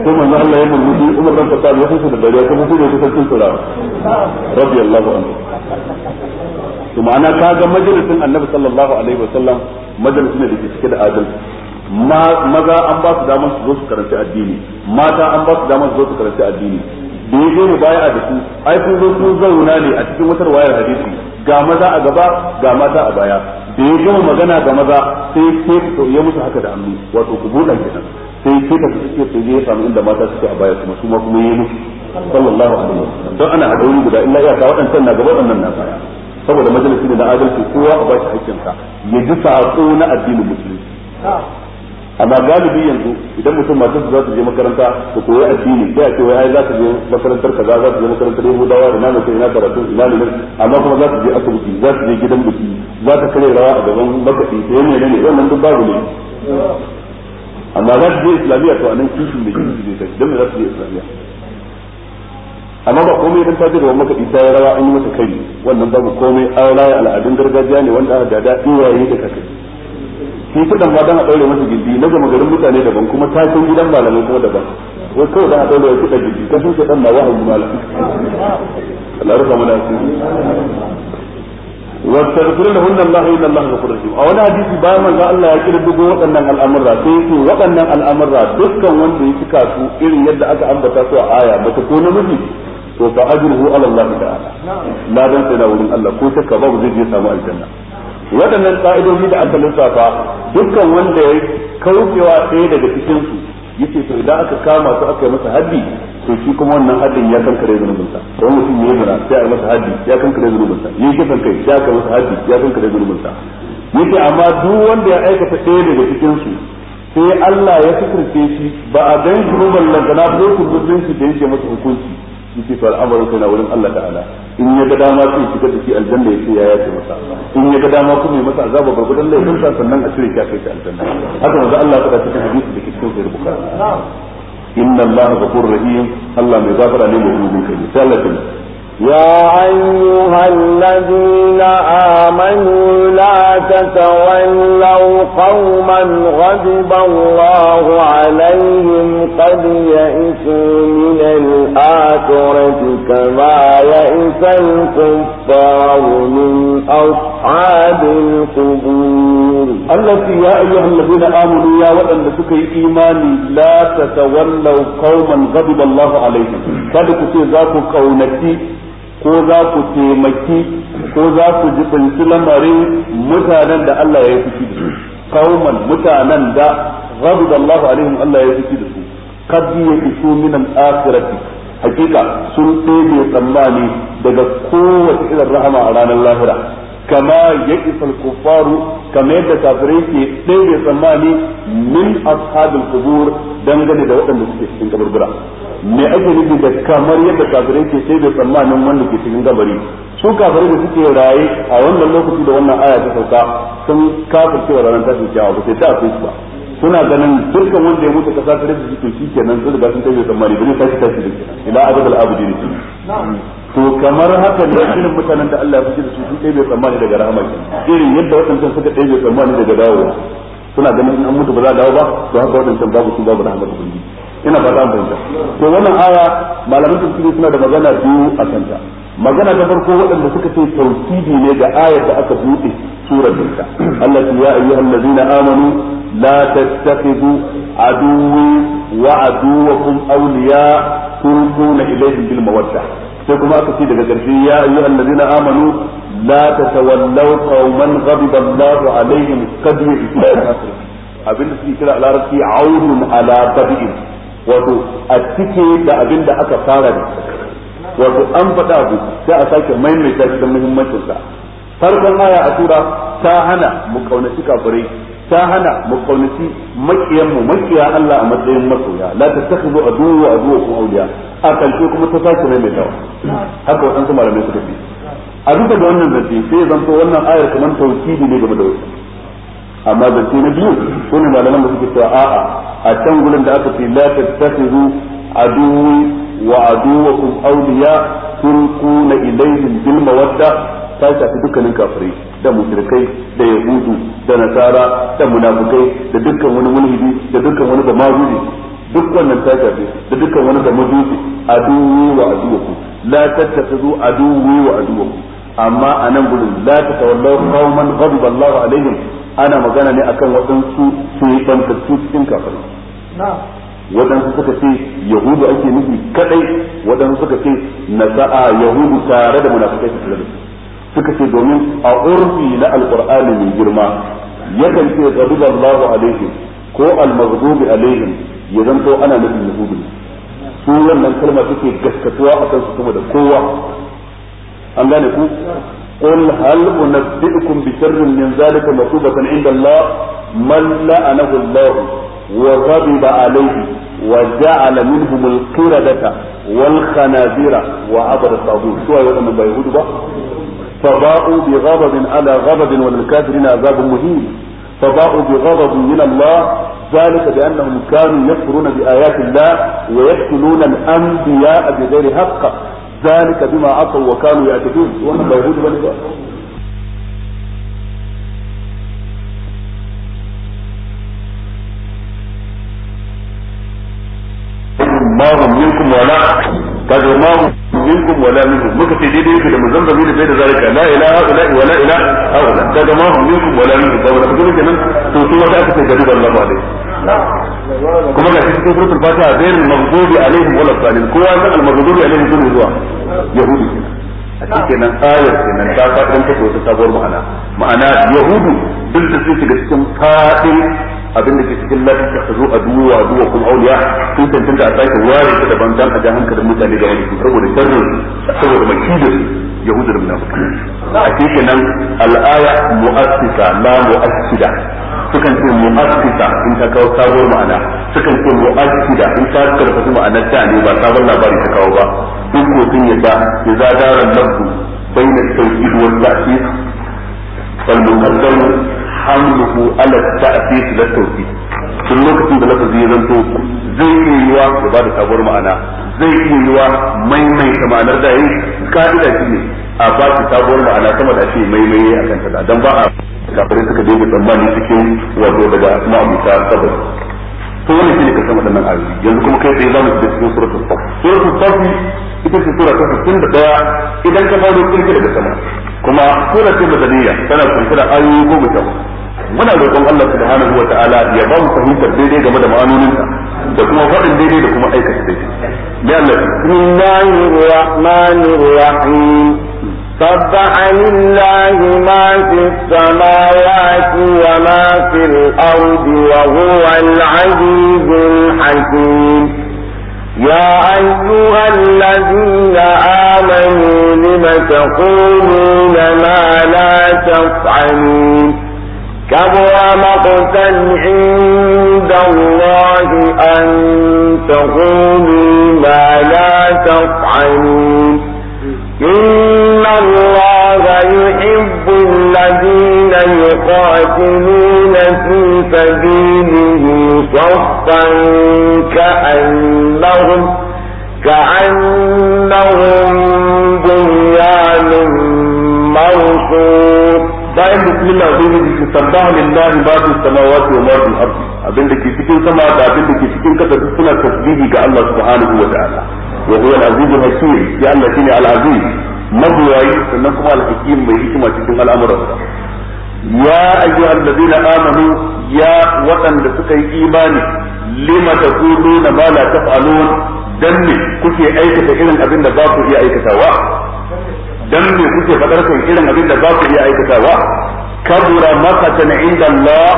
ko manzo Allah ya mulki Umar bin Khattab ya kashe da dariya kuma sai ya kashe su rawa rabbi Allahu anhu to ma'ana kaga majalisin Annabi sallallahu alaihi wasallam majalisin da ke cike da adalci maza an ba su damar su zo su karanci addini mata an ba su damar su zo su karanci addini da ya je baya da su ai sun zo sun zauna ne a cikin wata wayar hadisi ga maza a gaba ga mata a baya da ya gama magana ga maza sai sai ka ya musu haka da hannu wato ku buɗan kenan sai sai ka suke sai ya samu inda mata suke a baya kuma su ma kuma yayi musu sallallahu alaihi wasallam don ana hadari guda illa ya ka waɗannan na gaba waɗannan na baya saboda majalisi da adalci kowa a baki shi hakkinsa ya ji saƙo na addinin musulunci amma galibi yanzu idan mutum matar su za su je makaranta su koyi addini sai a ce wai ai za su je makarantar ka za su je makarantar yahudawa ina ne ina karatu ina ne amma kuma za su je asibiti za su je gidan biki za ta kare rawa a gaban makafi sai ne ne wannan duk babu ne amma za su je islamiyya to anan kishin da kishin da tafi dan za su je islamiyya amma ba komai idan ta jira maka isa ya rawa an yi masa kai wannan babu komai an raya al'adun gargajiya ne wanda aka da iyaye da kakanni shi kudin ma dan a daure masa gindi na gama garin mutane daban kuma tashin gidan malamai kuma daban wai kawai dan a daure wa kudin gindi kashin shi dan na wahayi malam Allah rufa mana su wa da hundar Allah inna Allah ghafurur rahim a wani hadisi bayan manzo Allah ya dubu waɗannan al'amurra sai yake waɗannan al'amurra dukkan wanda ya cika su irin yadda aka ambata su a aya ta ko namiji to fa ajruhu ala Allah ta'ala ladan sai na wurin Allah ko shakka babu zai je samu aljanna waɗannan ka'idoji da ta lissafa dukkan wanda ya kaucewa ɗaya daga cikin su yace to idan aka kama su aka yi masa haddi to shi kuma wannan haddin ya kankare zunubin sa to mutum ya zina sai a masa haddi ya kankare zunubin sa yi kisan kai sai aka masa haddi ya kankare zunubin sa yace amma duk wanda ya aikata ɗaya daga cikin su sai Allah ya fitirce shi ba a gan zunuban lantana ko kudin shi da yake masa hukunci yake to al'amarin kai na wurin Allah ta'ala in ya ga dama sai shiga da shi aljanna yace ya yace masa in ya ga dama kuma masa azaba gurgudan laifin sa sannan a cire shi a kai aljanna haka manzo Allah ya faɗa cikin hadisi da ke cikin sahih bukhari inna Allah ghafurur rahim Allah mai gafara ne mai rubin kai sai Allah يا أيها الذين آمنوا لا تتولوا قوما غضب الله عليهم قد يئسوا من الآخرة كما يئس الكفار من أصحاب القبور التي يا أيها الذين آمنوا يا ولد لسك إيماني لا تتولوا قوما غضب الله عليهم كذلك سيزاك قونتي ko za ku taimaki ko za ku jibinci lamarin mutanen da Allah ya yi fushi da su kauman mutanen da rabu da Allah alaihim Allah ya yi fushi da su kaddi ya isu minan akhirati hakika sun ɗebe tsammani daga kowace irin rahama a ranar lahira kama ya isal kufaru kama yadda kafirai ke ɗebe tsammani min ashabil kubur dangane da waɗanda suke cikin kaburbura me ake nufi da kamar yadda kafirai ke shaida tsammanin wanda ke cikin gabari su kafirai da suke raye a wannan lokaci da wannan aya ta sauka sun kafirce cewa ranar ta kyawa ba sai ta akwai su ba suna ganin dukkan wanda ya mutu kasa ta rufe jikin shi kenan sun riga sun tashi tsammani ba zai tashi tashi da ila abad al abudin shi to kamar haka ne irin mutanen da Allah ya fice da su sun tashi tsammani daga rahama irin yadda wadannan suka tashi tsammani daga dawo suna ganin an mutu ba za a dawo ba to haka wadannan babu su babu rahama ubangiji ina ba za mu bayyana to wannan aya malaman tafsiri suna da magana biyu a kanta magana ta farko waɗanda suka ce tauhidi ne ga ayar da aka buɗe surar dinka Allah ya ayyuhal ladina amanu la tattakhidhu aduwwi wa aduwwakum awliya turquna ilayhim bil mawadda sai kuma aka ce daga ƙarshe ya ayyuhal ladina amanu la tatawallaw qauman ghadiba Allahu alaihim qad abinda suke kira a larabci aunun ala bad'in wato a cike da abin da aka fara da wato an faɗa abu sai a sake maimaita shi da muhimmancin sa farkon aya a tura ta hana mu kaunaci kafirai ta hana mu kaunaci makiyan mu makiya Allah a matsayin masoya la wa aduwwa aduwwakum awliya a karshe kuma ta sake maimaita haka wadansu malamai suka fi a duka da wannan zance sai zanto wannan ayar kamar tauhidi ne game da wasu amma da na biyu ko ne malaman da suke cewa a'a a can gurin da aka ce la tattakhidhu aduwwi wa aduwwakum awliya kuna ilayhim bil mawadda ta shafi dukkanin kafirai da mushrikai da yahudu da nasara da munafukai da dukkan wani mulhidi da dukkan wani bamagudi duk wannan ta shafi da dukkan wani da majusi aduwwi wa aduwwakum la tattakhidhu aduwwi wa aduwwakum amma a nan gudun la ta tawallau qauman ghadiba Allahu alaihim ana magana ne akan waɗansu su yi bantattu cikin kafirai waɗansu suka ce yahudu ake nufi kaɗai waɗansu suka ce na nasa'a yahudu tare da munafikai su tare da suka ce domin a urfi na alqur'ani mai girma yakan ce ghadiba Allahu alaihim ko al-maghdubi alaihim ya zanto ana nufin yahudu su wannan kalma take gaskatuwa akan su kuma da kowa أن لا ku قل هل أنبئكم بشر من ذلك مصوبة عند الله من لأنه الله وغضب عليه وجعل منهم القردة والخنازير وعبر الطاغوت شو هذا من بيهود بقى فباءوا بغضب على غضب وللكافرين عذاب مهين فباءوا بغضب من الله ذلك بأنهم كانوا يكفرون بآيات الله ويقتلون الأنبياء بغير حق zalika bima aqaw wa kanu ya'tadun wannan ba hudu bane ba ma hum minkum wala kaza ma hum minkum wala ba kuma ga cikin suratul fatiha zair maghdubi alaihim wal dhalin kowa san al maghdubi alaihim sun zuwa yahudi a cikin nan ayar kenan ta fadin ta ko ta sabuwar ma'ana ma'ana yahudu duk da su shiga cikin fadin abin da ke cikin lafi ka zo a duwa duwa kuma auliya sun tantanta a sake ware ta daban dan a ja da mutane ga wani saboda sharrin saboda makidin yahudu da munafiki a cikin nan al'aya mu'assisa la mu'assida sukan ce mu'assisa in ta kawo sabon ma'ana sukan ce mu'assida in ta karfafa ma'anar ta ne ba sabon labari ta kawo ba duk ko sun yadda ya zadaran lafzu bayyana tauhid wal ta'sis fal muqaddam hamluhu ala ta'sis la tawfiq tun lokacin da lafazi ya zanto zai iya yiwa ya bada sabuwar ma'ana zai iya yiwa maimaita ma'anar da yi ka'ida shi ne a ba shi sabuwar ma'ana sama da ake maimaye a kan ta dan ba a kafirai suka daidai tsammani cikin wato daga ma'amuta saboda to wannan shine karshen waɗannan ayoyi yanzu kuma kai tsaye zamu shiga cikin suratul saf suratul saf ita ce sura ta 61 idan ka fara kirki daga sama kuma sura ce madaniya tana kunshe da ayoyi goma sha muna roƙon Allah subhanahu wata'ala ya ba mu fahimtar daidai game da ma'anoninsa da kuma faɗin daidai da kuma aikata daidai ya Allah bismillahir rahmanir rahim سبح لله ما في السماوات وما في الأرض وهو العزيز الحكيم يا أيها الذين آمنوا لم تقولون ما لا تفعلون كبر مقتا عند الله أن تقولوا ما لا تفعلون إن الله يحب الذين يقاتلون في سبيله صفا كأنهم كأنهم بنيان مرصوص bayan bismillah zai yi shi sabaha lillahi ma fi samawati wa ma fi ardi abin da ke cikin sama da abin da ke cikin kasa duk suna tasbihi ga Allah subhanahu wa ta'ala wa huwa al-aziz al-hakim ya Allah shine al-aziz mabuwayi sannan kuma al-hakim mai hikima cikin al'amuransa ya ayyuhal ladina amanu ya waɗanda suka yi imani lima taquluna ma la taf'alun dan kuke aikata irin abin da ba ku iya aikatawa dan me kuke fadar kan irin abin da ba ku iya aikatawa kabura makatan inda Allah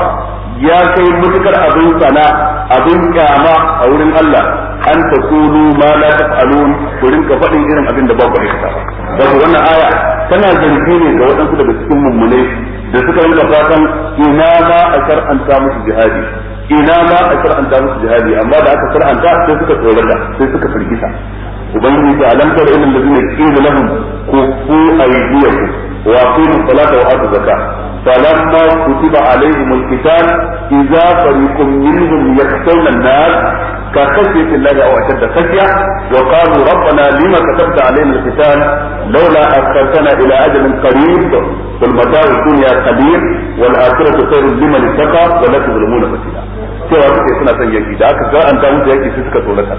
ya kai mutukar abin sana abin kyama a wurin Allah an ta kulu ma la taf'alun ku rinka faɗin irin abin da ba ku aikatawa daga wannan aya tana zance ne ga waɗansu daga cikin mummunai da suka rinka fatan ina ma a shar'anta musu jihadi ina ma a shar'anta musu jihadi amma da aka shar'anta sai suka tsorata sai suka firgita ubangiji ta alam tara ilal ladina qila lahum kufu aydiyakum wa aqimu salata wa atu zakat falamma kutiba alaihim alqital idza fariqun minhum yaqtuluna an-nas كخشية الله أو أشد خشية وقالوا ربنا لما كتبت علينا القتال لولا أخرتنا إلى أجل قريب قل متاع الدنيا قليل والآخرة خير لمن اتقى ولا تظلمون فتيلا cewa suke suna son yaki da aka ga an ta musu yaki sai suka tsorata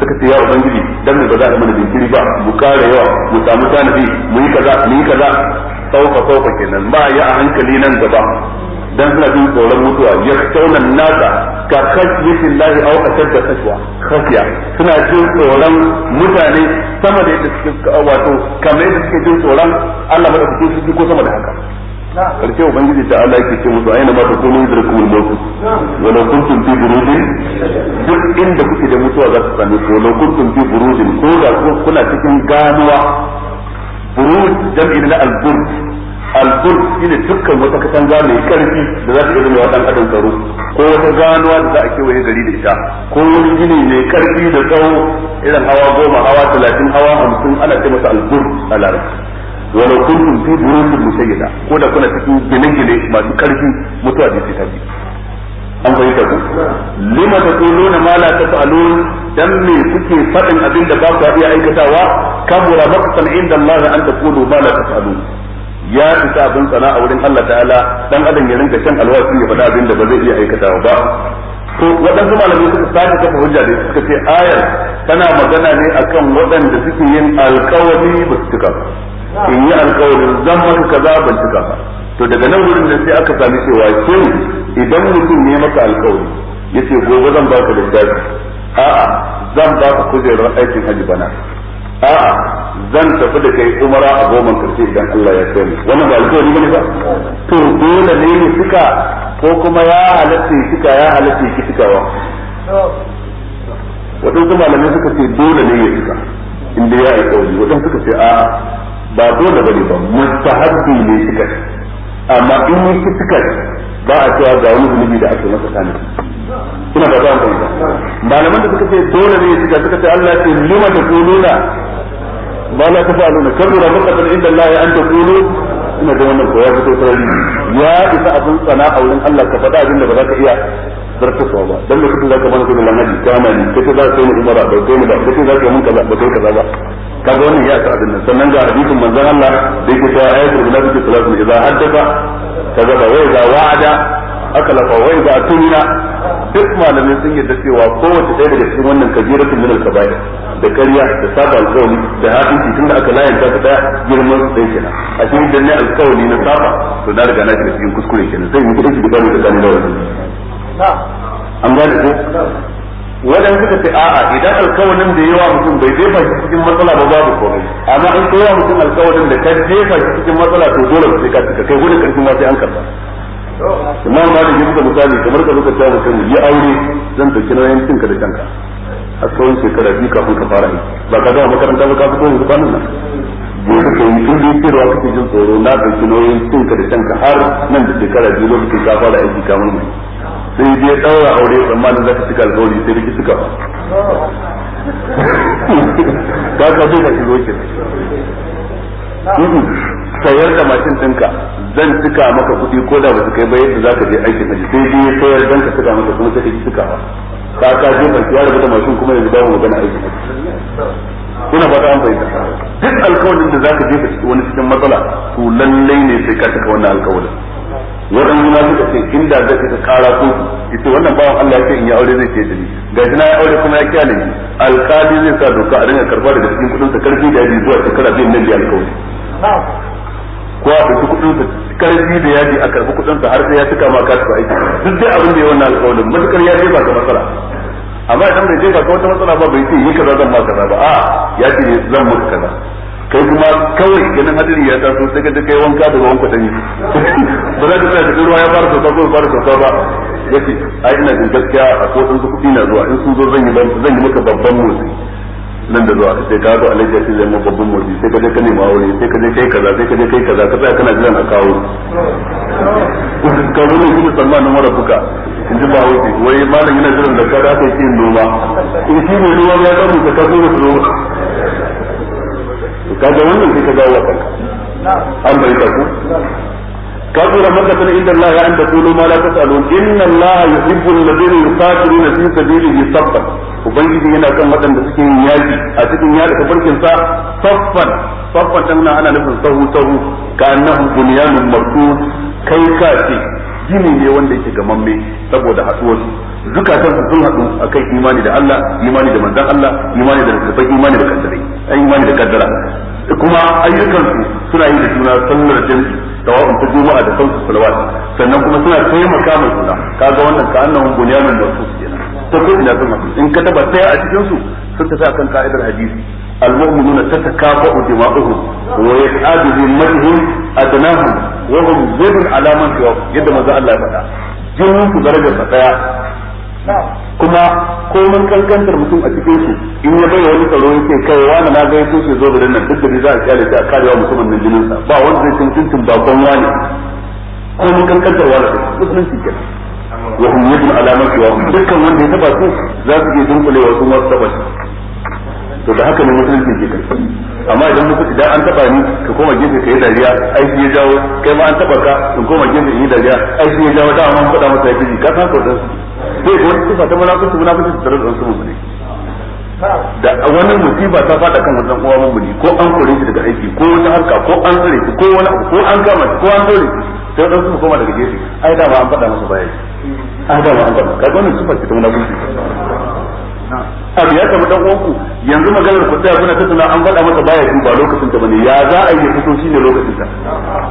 suka ce ya ubangiji dan mu ba za a mana jinkiri ba mu kare yawa mu samu tanadi mu yi kaza mu yi kaza sauka sauka kenan ba ya a hankali nan gaba dan suna jin tsoron mutuwa ya taunan nasa ka khashiyatin lahi aw ashadda khashwa khashiya suna jin tsoron mutane sama da yadda suke wato kamar yadda suke jin tsoron Allah madaukakin sarki ko sama da haka karshe ubangiji ta Allah yake ce musu aina ma takunu yadrakumul maut wa law kuntum fi burujin duk inda kuke da mutuwa za ku sami ko law kuntum fi burujin ko da kuna cikin ganuwa buruj jam'i na al-burj albur shine dukkan wata katanga mai karfi da za ta iya zama dan adam tsaro ko wata ganuwa da za a kewaye gari da ita ko wani gini mai karfi da tsawo irin hawa goma hawa talatin hawa hamsin ana ce masa albur a larabci wani kuntum fi burudin musayyida ko da kuna cikin gine-gine masu karfi mutuwa da ita bi an ta ku lima ta tsono na mala ta fa'alu dan me kuke faɗin abinda ba ku iya aikatawa kabura maqtan inda Allah an taqulu mala ta fa'alu ya fita abin a wurin Allah ta'ala dan adam ya rinka shan alwashi ya faɗa abin da ba zai iya aikatawa ba to waɗansu malamai suka sake kafa hujja da suka ce ayar tana magana ne akan waɗanda suke yin alkawari ba su cika ba in yi alkawarin zan maka kaza ban cika ba to daga nan wurin da sai aka sami cewa shin idan mutum ne maka alkawari yace gobe zan baka littafi a'a zan baka kujerar aikin hajji bana a'a zan tafi da kai umara a goma karshe idan Allah ya kai mu wannan ba alƙawari bane ba to dole ne ne suka ko kuma ya halatta ya suka ya halatta ya kitawa kuma malami suka ce dole ne ya suka inda ya yi wato waɗansu suka ce a'a ba dole bane ba mustahabbi ne suka amma in yi suka ba a cewa ga wani zunubi da ake masa tanadi ina ba za mu malaman da suka ce dole ne suka suka ce Allah ce lima da kuluna ba la na tafaluna kabura maqatan inda Allah ya anta kulu ina da wannan koyar da sarari ya isa abun tsana a wurin Allah ka faɗa abin da ba za ka iya zartaswa ba dan lokacin da ka bani kuma lanaji kama ni kace za ka yi mu umara ba kai mu da kace za ka yi mun kaza ba kai kaza ba ga wannan ya sa abin nan sannan ga hadisin manzon Allah da yake cewa ayatul munafiqin salatu idza haddatha kaza ba wai idza wa'ada aka lafa wai ba tunna duk malamai sun yarda cewa kowace ɗaya daga cikin wannan kabiratun min al-kaba'ir da karya da saba alƙawari da hadisi tunda aka layanta ta daya girman su dai kenan a cikin dan ne alƙawari na saba to na riga na shiga cikin kuskure kenan sai mu kudi da da gani da wannan an gane ko wadan suka ce a'a idan alƙawarin da yawa mutum bai jefa shi cikin matsala ba babu komai amma in kowa mutum alƙawarin da ka jefa shi cikin matsala to dole sai ka kai gudun karfin ma sai an karba imam malik ya buga misali kamar ka buga tawo kan yi aure zan dauki nauyin cinka da kanka a tsawon shekara biyu kafin ka fara yi ba ka zama makaranta ba ka fito ne ba nan ba ka yi tun da cewa kake jin tsoro na dauki nauyin cinka da kanka har nan da shekara biyu lokacin ka fara aiki kamar mai sai dai daura aure tsammanin zaka cika alkawari sai da ki cika ba ka ka zo ka shigo kenan sayar da mashin ɗinka zan cika maka kuɗi ko da ba su kai ba yadda za ka je aikin haji sai dai sayar dan ka cika maka kuma sai ka cika ba ka ka je ba ya rabu da mashin kuma yanzu babu magana aikin haji kuna ba ta an bayyana duk alkawarin da za ka je ka ci wani cikin matsala to lallai ne sai ka cika wannan alkawarin waɗansu yana suka ce inda da ka kara ko ita wannan bawan Allah ya ce in ya aure zai ce dani ga shi na ya aure kuma ya kyale ni alkali zai sa doka a dinga karba daga cikin kudin ta karfi da yaji zuwa shekara biyu nan da alkawari ko a ɗauki kuɗin sa karfi da yaji a karɓi kuɗin sa har sai ya cika ma kasu aiki duk dai abin da ya wannan alƙawarin matukar ya jefa ga matsala amma idan bai jefa ga wata matsala ba bai ce yi kaza zan ma kaza ba a ya ce zan muka kaza kai kuma kawai ganin hadiri ya taso sai ka kai wanka daga wanka dani ba za ka tsaya da ruwa ya fara sauka ko fara sauka ba yace ai ina jin gaskiya a ko dan kuɗi na zuwa in sun zo zan yi zan yi maka babban motsi nan da zuwa sai ka zo alaji sai zai babban motsi sai ka je ka nema aure sai ka je kai kaza sai ka je kai kaza ka tsaya kana jiran a kawo ka zo ne tsammanin mara buka in ji ba wuce wai malam yana jiran da kada aka yi noma in shi ne noma ya samu ka kaso da su ka ga wannan sai ka dawo kanka an bai ka ku كثر مكة عند الله أن تقولوا ما لا تسألون إن الله يحب الذين يقاتلون في سبيله صفا ubangiji yana kan waɗanda suke yin yaji a cikin yaji ka barkin sa saffan saffan dan nan ana nufin sahu sahu ka annahu bunyanun markud kai ka ce gini ne wanda yake gamamme saboda haɗuwar zukatan su sun haɗu akan imani da Allah imani da manzon Allah imani da da da kuma ayyukan su suna yi da juna sallar jami'i tawafin ta juma'a da sallar salawat sannan kuma suna taimaka ma juna kaga wannan ka annahu bunyanun marsus kenan ta ko ina sama in ka taba sai a cikin su sun ta sa kan ka'idar hadisi المؤمنون تتكافأ دماؤهم ويسعد ذمتهم أدناهم وهم زر على من سواهم ما زال الله جنون درجة فتاة kuma komin kankantar mutum a cikin in ya ce kai wani na gaisu shi zo garin nan duk da za a kyale ta karewa musamman na jinin sa ba wanda zai tuntuntun bakon wani ko mun kankantar wani musulunci kenan wa hum yadun alamar cewa dukkan wanda ya taba su za su je wa su wasu taba to da haka ne musulunci ke kai amma idan muka idan an taba ni ka koma gefe ka yi dariya ai ya jawo kai ma an taba ka ka koma gefe yi dariya ai ya jawo da amma faɗa masa ya ji ka san ko dan sai ko su fata munafici munafici tare da su mu ne da wani musiba ta fada kan wannan uwa mummuni ko an kore shi daga aiki ko wata harka ko an tsare shi ko wani ko an kama shi ko an dole shi sai dan su koma daga gefe ai da ba an fada masa baya an da ba an fada kaga wannan sifar ce ta munafiki abu ya kama mutan uwanku yanzu maganar ku tsaya kuna tattauna an fada masa baya in ba lokacin ta bane ya za a yi fito shine lokacin ta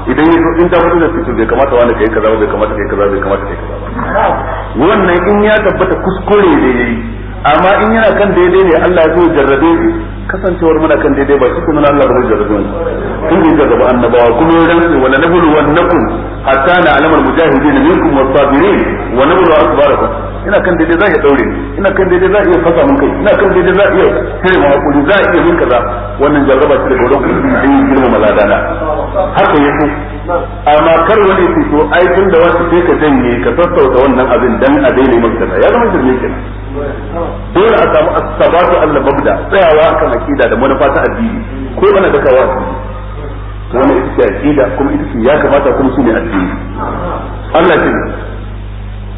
idan ya zo in ta fito da fito bai kamata wani kai kaza bai kamata kai kaza bai kamata kai kaza wannan in ya tabbata kuskure da yayi amma in yana kan daidai ne Allah ya zo jarrabe shi kasancewar muna kan daidai ba shi kuma Allah bai jarrabe mu in bai jarrabe annabawa kuma ya rantsi wala nabulu wa nakum hatta na alamar mujahidin minkum wasabirin wa nabulu asbarakum ina kan daidai za ya daure ina kan daidai za iya fasa mun kai ina kan daidai za iya sai ma hakuri za iya mun kaza wannan jarraba ce da gurin in girma maladana haka yake amma kar wani su so ai tun da wasu sai ka janye ka sassauta wannan abin dan a daina maka ya zama shirme kenan dole a samu asabatu Allah babda tsayawa kan akida da manufa ta addini ko ana da kawa wannan ita ce akida kuma ita ce ya kamata kuma su ne addini Allah shi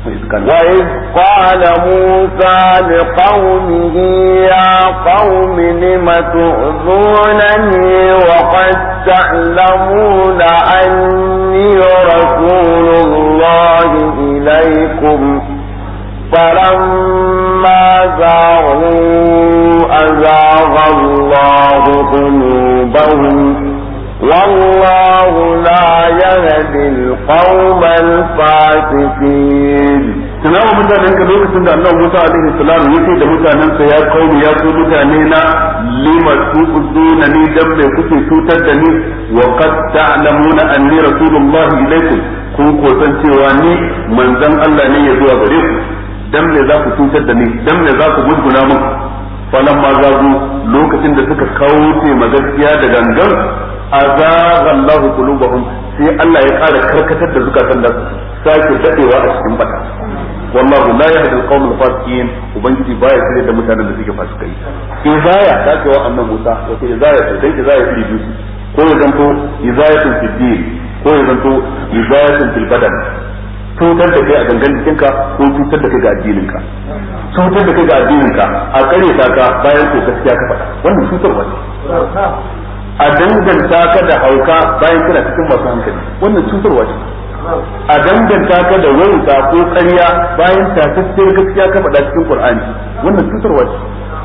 وإذ قال موسى لقومه يا قوم لم تؤذونني وقد تعلمون أني رسول الله إليكم فلما زاروا أزاغ الله قلوبهم والله لا يهدي القوم الفاسقين tunawa mutanen ka lokacin da Allah Musa alaihi salam yake da mutanen sa ya kawo ya ku mutane na lima tuqduna ni dan kuke cutar da ni wa qad ta'lamuna anni rasulullahi ilaikum ku ko san cewa ni manzon Allah ne ya zuwa gare ku dan me za ku cutar da ni dan za ku gudguna muku falan ma lokacin da suka kawo ce magaskiya da gangan azagha Allahu qulubahum sai Allah ya ƙara karkatar da zukatan da sake dadewa a cikin bata wallahu la yahdi al-qawm fasiqin ubangiji baya kare da mutanen da suke fasikai zaya ta ce wa annabi Musa sai zaya ta dai zaya ta biyu ko ya zanto izayatun fiddin ko ya zanto izayatun fil badan cutar da kai a gangan jikinka ko cutar da kai ga addininka cutar da kai ga addininka a kare ka bayan ko gaskiya ka faɗa wannan cutarwa wani a danganta ka da hauka bayan kana cikin masu hankali wannan cutarwa ce a danganta ka da wauta ko ƙarya bayan yi gaskiya ka faɗa cikin Qur'ani wannan cutarwa ce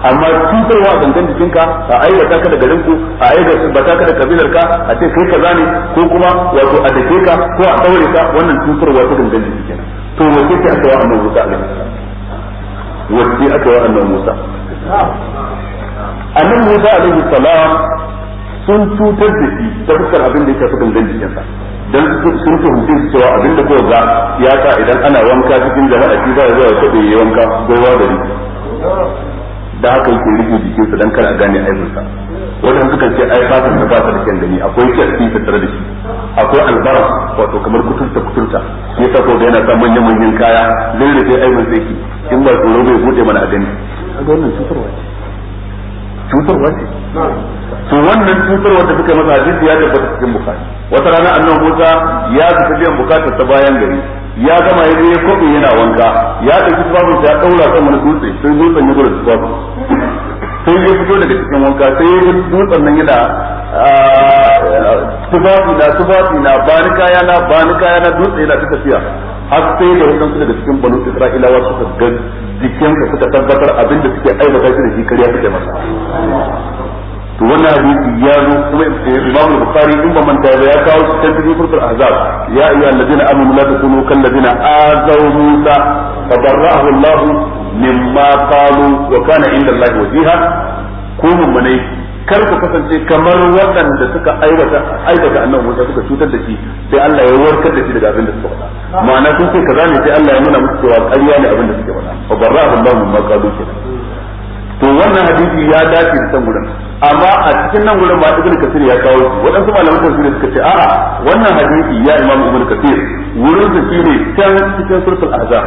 amma cutarwa a gangan jikinka a aiwata ka da garin ku a ta ka da kabilar ka a ce kai kaza ne ko kuma wato a dake ka ko a ɗaure ka wannan cutarwa ta gangan jiki kenan to wace ce aka wa annabi Musa alaihi wace aka wa annabi Musa annabi Musa alaihi salam sun cutar da shi ta fuskar abin da ya shafi gangan jikinsa dan sun fahimci cewa abin da kowa za ya sa idan ana wanka cikin jama'a shi za a zuwa kwaɗe ya wanka gowa da ni da haka yake rike jikinsa dan kar a gane aibinsa wannan suka ce ai fatar da ba ta da kyan gani akwai fi ta tare da shi akwai albara wato kamar kuturta kuturta yasa ko ga yana sa manyan manyan kaya zai rufe aibinsa yake in ba tsoro bai bude mana a gani a ga wannan cutarwa ce cutarwa ce to wannan cutarwa da suka masa hadisi ya tabbata cikin bukari wata rana annabi Musa ya fita biyan bukatar ta bayan gari ya gama ya je ya yana wanka ya dauki tufafin ya daura kan wani dutse sai dutsen ya gura tufafin sai ya fito daga cikin wanka sai ya dutsen nan yana ah, tufafi na tufafi na ba ni kaya na ba ni kaya na dutse yana ta tafiya har sai da wadansu daga cikin banu Isra'ilawa suka jikinsa suka tabbatar abin da suke aibata shi da shi kariya suke masa to wannan hadisi ya zo kuma Imam Bukhari in ba manta ba ya kawo shi cikin furtul ahzab ya ayyuha alladhina amanu la takunu kal ladina azaw Musa fabarra'ahu Allah mimma qalu wa kana inda Allah wajiha kunu mun kar ku kasance kamar waɗanda suka aiwata aiwata annabi Musa suka cutar da shi sai Allah ya warkar da shi daga abin da suka faɗa ma'ana sun ce kaza ne sai Allah ya nuna musu cewa ƙarya ne abin da suke faɗa fa barra'ahu Allahu mimma qalu kenan to wannan hadisi ya dace da san gurin amma a cikin nan gurin ba ibnu kasir ya kawo shi waɗansu malaman tafsiri suka ce a'a wannan hadisi ya imamu ibnu kasir wurin da shi ne can cikin suratul ahzab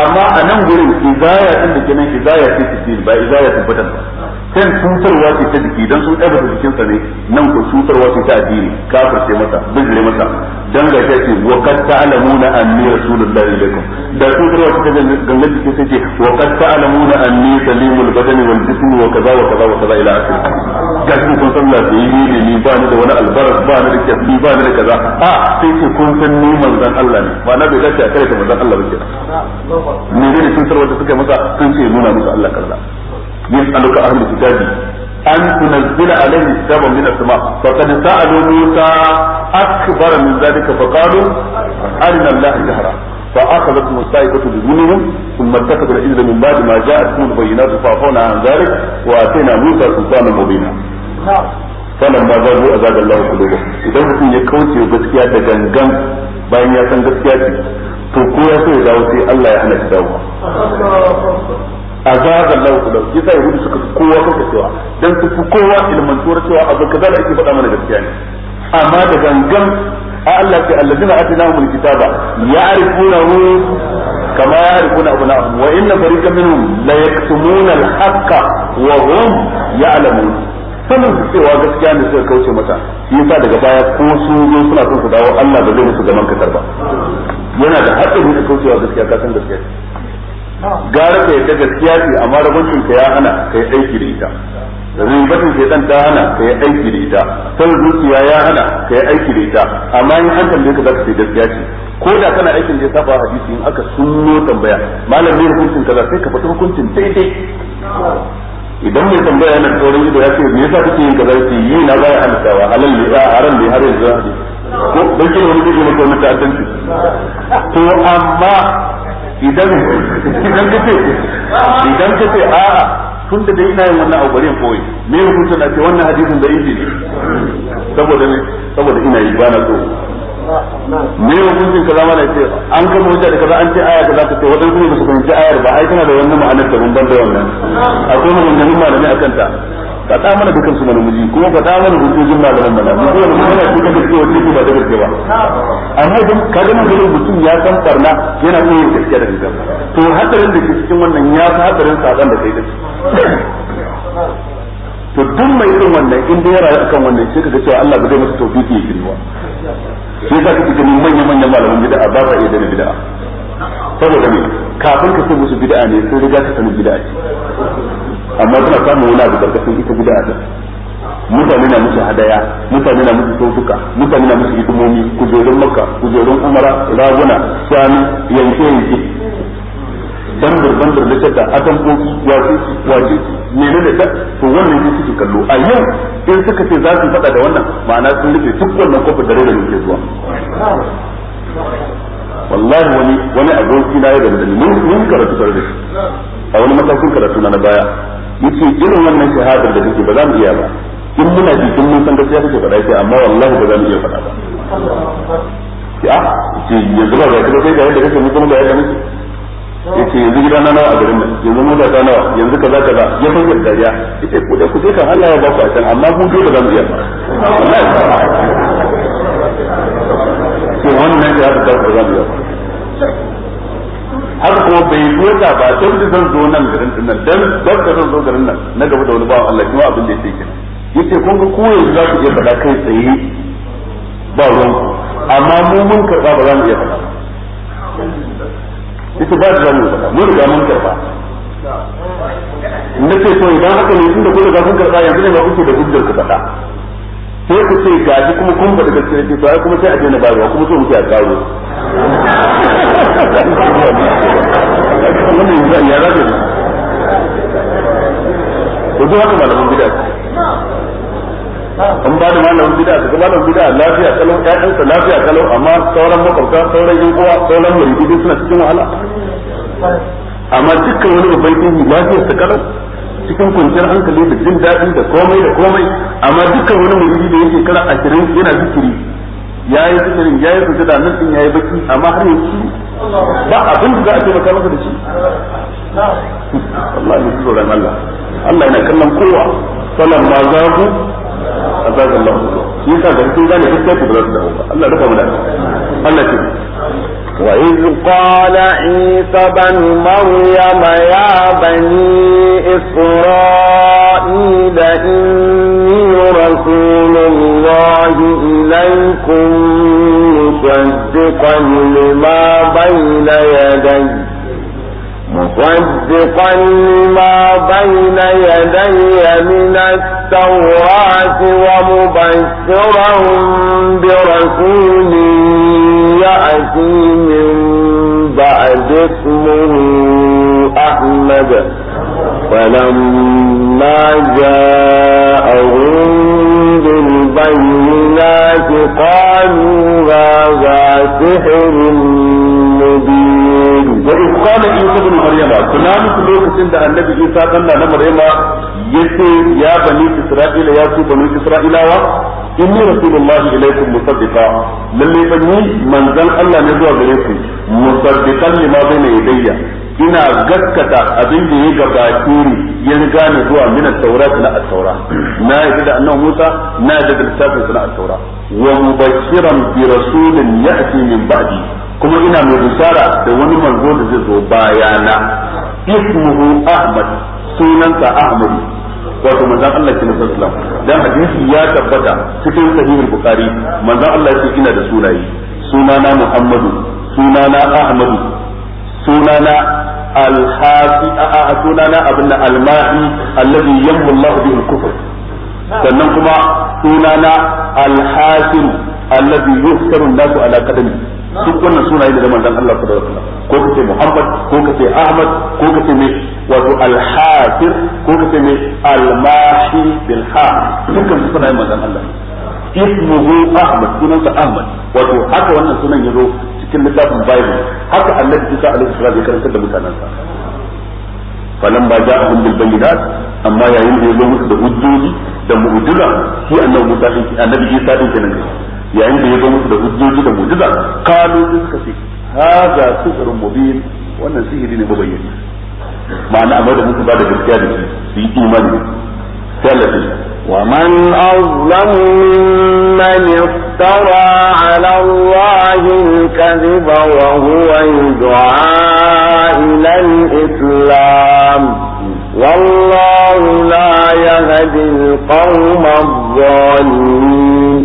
amma a nan gurin idaya din da kenan idaya ce ba idaya tabbatan ba kan cutarwa ce ta jiki dan sun ɗaga jikinsa ne nan ko cutarwa ce ta addini kafir ce masa bijire masa dan ga ta ce wa qad ta'lamuna anni rasulullahi ilaikum da cutarwa ce ta gangan jiki sai ce wa qad ta'lamuna anni salimul badani wal jismi wa kaza wa kaza wa kaza ila akhir ga kun kun san yi ne ni ba ni da wani albaras ba ni da kafi ba ni da kaza a sai ce kun san ni manzon Allah ne ba na bai dace a kare ta manzon Allah ba kenan ne ne cutarwa da suka masa sun ce nuna musu Allah kaza yas'aluka ahlul kitabi an tunzila alaihi kitaban min as-sama faqad sa'alu Musa akbar min dhalika faqalu arina Allah jahra فأخذتهم الصاعقة بظلمهم ثم اتخذوا العزة من بعد ما جاءتهم البينات فعفونا عن ذلك وآتينا موسى سلطانا مبينا. فلما زادوا أزاد الله قلوبهم. إذا mutum ya kauce gaskiya da ganga bayan ya san gaskiya ce to ko ya so ya dawo sai Allah ya hana shi dawo. azaban lahu kulau yasa yahudu suka fi kowa kanka cewa dan su fi kowa ilmantuwar cewa abu kaza da ake faɗa mana gaskiya ne amma da gangan a Allah ce alladina atinahumul kitaba ya'rifunahu kama ya ya'rifuna abna'ahum wa inna fariqan minhum la yaktumuna al-haqqa wa hum ya'lamun sanin su cewa gaskiya ne suka kauce mata shi yasa daga baya ko su zo suna son su dawo Allah da zai musu gaman kasar ba yana da haƙƙin da kaucewa gaskiya ka san gaskiya gara ka yadda gaskiya ce amma rabancin ka ya hana ka yi aiki da ita domin batun shaitan ta hana ka yi aiki da ita san zuciya ya hana ka yi aiki da ita amma in an tambaye ka za ka ce gaskiya ce ko da kana aikin da ya saba hadisi in aka sunno tambaya malam ne hukuncin kaza sai ka fata hukuncin daidai idan mai tambaya yana tsoron ido ya ce me yasa kake yin kaza ce yi na baya halittawa halal ne a haram ne har yanzu ko dan kin wani kike maka wani to amma idan idan ka ce idan ka ce a'a tun da dai ina yin wannan abu bari koyi me hukunta na ce wannan hadisin da yake ne saboda ne saboda ina yi bana so me hukuncin kaza mana ce an kama wuce da kaza an ce aya kaza ka ce wadansu ne ba su fahimci ayar ba ai tana da wannan ma'anar da ban da wannan akwai maganganun malamai akan ta faɗa mana dukan su malamuji kuma faɗa mana hujjojin malaman mana mu kuma mun yana cikin gaske wacce ba da gaske ba amma idan ka ga nan gurin mutum ya san farna yana koyin gaskiya da gaskiya to hadarin da ke cikin wannan ya fi hadarin saban da kai da to duk mai irin wannan in dai ya rayu akan wannan sai kaga cewa Allah ba zai masa tawfiki ya kinwa sai ka kike ganin manyan manyan malaman bid'a ba ba iya da bid'a saboda me kafin ka so musu bid'a ne sai riga ka sanin bid'a ce amma suna samun wani abu karkashin ita guda a mutane na musu hadaya mutane na musu sautuka mutane na musu hidimomi kujerun maka kujerun umara raguna shanu yanke yanke bandar bandar da shadda atan koki wace wace ne da to wannan ne suke kallo a yau in suka ce za su faɗa da wannan ma'ana sun rufe duk wannan kofar da rere ke zuwa wallahi wani wani aboki na ya da mun mun karatu karatu a wani matakin karatu na baya yace irin wannan shahadar da kake ba za mu iya ba in muna jikin mun san gaskiya kake faɗa ce amma wallahi ba za mu iya faɗa ba ah, ya ce ya zuba ga kai ga yadda kake mutum kuma ga yadda muke yace yanzu gida na nawa a garin nan yanzu mun da nawa yanzu kaza kaza ya san fara dariya yace ku da ku sai kan Allah ya ba ku a can amma mun dole ba za mu iya ba wannan ya ta ba za mu iya ba har ko bai da ba don da zan zo nan garin din nan dan dan da zan zo garin nan na gaba da wani bawan Allah kuma abin da yake kenan yace kun ga ko yanzu za ku iya faɗa kai tsaye ba ruwan amma mu mun karɓa ba za mu iya faɗa yace ba da mu faɗa mun riga mun karɓa na ce to idan haka ne tun da kun riga kun karɓa yanzu ne ba kuke da hujjar ku faɗa sai ku ce shi kuma kun faɗi gaskiya ce to ai kuma sai a daina bayarwa kuma so muke a karo ya to duk haka malaman bid'a an ba da malamin bid'a ka malamin bid'a lafiya kalau ƴaƴansa lafiya kalau amma sauran makwabta sauran yan uwa sauran murid suna cikin wahala amma dukkan wani babban ilimi lafiyar kalau cikin kwanciyar hankali da jin daɗi da komai da komai amma dukkan wani muridi da yake kara ashirin yana zikiri ya yi zikirin ya yi sujada nan din ya yi baki amma har yanzu ba abin da za a ce maka masa da shi Allah ne su tsoron Allah Allah yana kallon kowa falan ma za ku a azagallahu shi yasa da sun gane gaskiya ku ba za su dawo ba Allah rufa mu da Allah ce وإذ قال عيسى بن مريم يا بني إسرائيل إني رسول الله إليكم مصدقا لما بين يدي مصدقا لما بين يدي من التوراة ومبشرا برسول يأتي من بعد اسمه أحمد فلما جاءهم بالبينات قالوا هذا سحر wa in qala isa ibn maryama kuna muku lokacin da annabi isa dan na maryama yace ya bani isra'ila ya su bani isra'ilawa inni rasulullahi ilaikum musaddiqa lalle ban ni manzon Allah ne zuwa gare ku musaddiqan lima bayna yadayya ina gaskata abin da ya ga ni ya riga ni zuwa min at-taurat na at-taurat na yadda annabi Musa na yadda da littafin na at-taurat wa mubashiran bi rasulin ya'ti min ba'di kuma ina mai bishara da wani manzo da zai zo baya na. wato manzon Allah dan hadisi ya tabbata cikin sahihul bukhari manzon Allah yake ina da sunaye sunana Muhammadu sunana Ahmadu sunana al-hafi sunana al-mahi alladhi bihi al-kufr sannan kuma sunana al-hasim alladhi yuhsaru an-nasu ala kadami duk wannan sunaye da manzon Allah sallallahu alaihi wasallam ko kace Muhammad ko kace Ahmad ko kace me wato al ko kace me almashi mahi bil ha dukkan sunaye manzon Allah ismuhu Ahmad sunansa Ahmad wato haka wannan sunan yazo cikin littafin Bible haka Allah Isa alaihi salatu wa karanta da mutanansa فلما جاءهم بالبينات اما يا يوم يزوم da hujjoji da mu'jiza shi annabi Musa din annabi Isa din kenan yayin da ya zo musu da hujjoji da mu'jiza kalu suka ce haza sihrun mubin wannan sihiri ne mabayyani ma'ana amma da musu ba da gaskiya da shi su yi imani sai ومن أظلم ممن افترى على الله الكذب وهو يدعى إلى الإسلام والله لا يهدي القوم الظالمين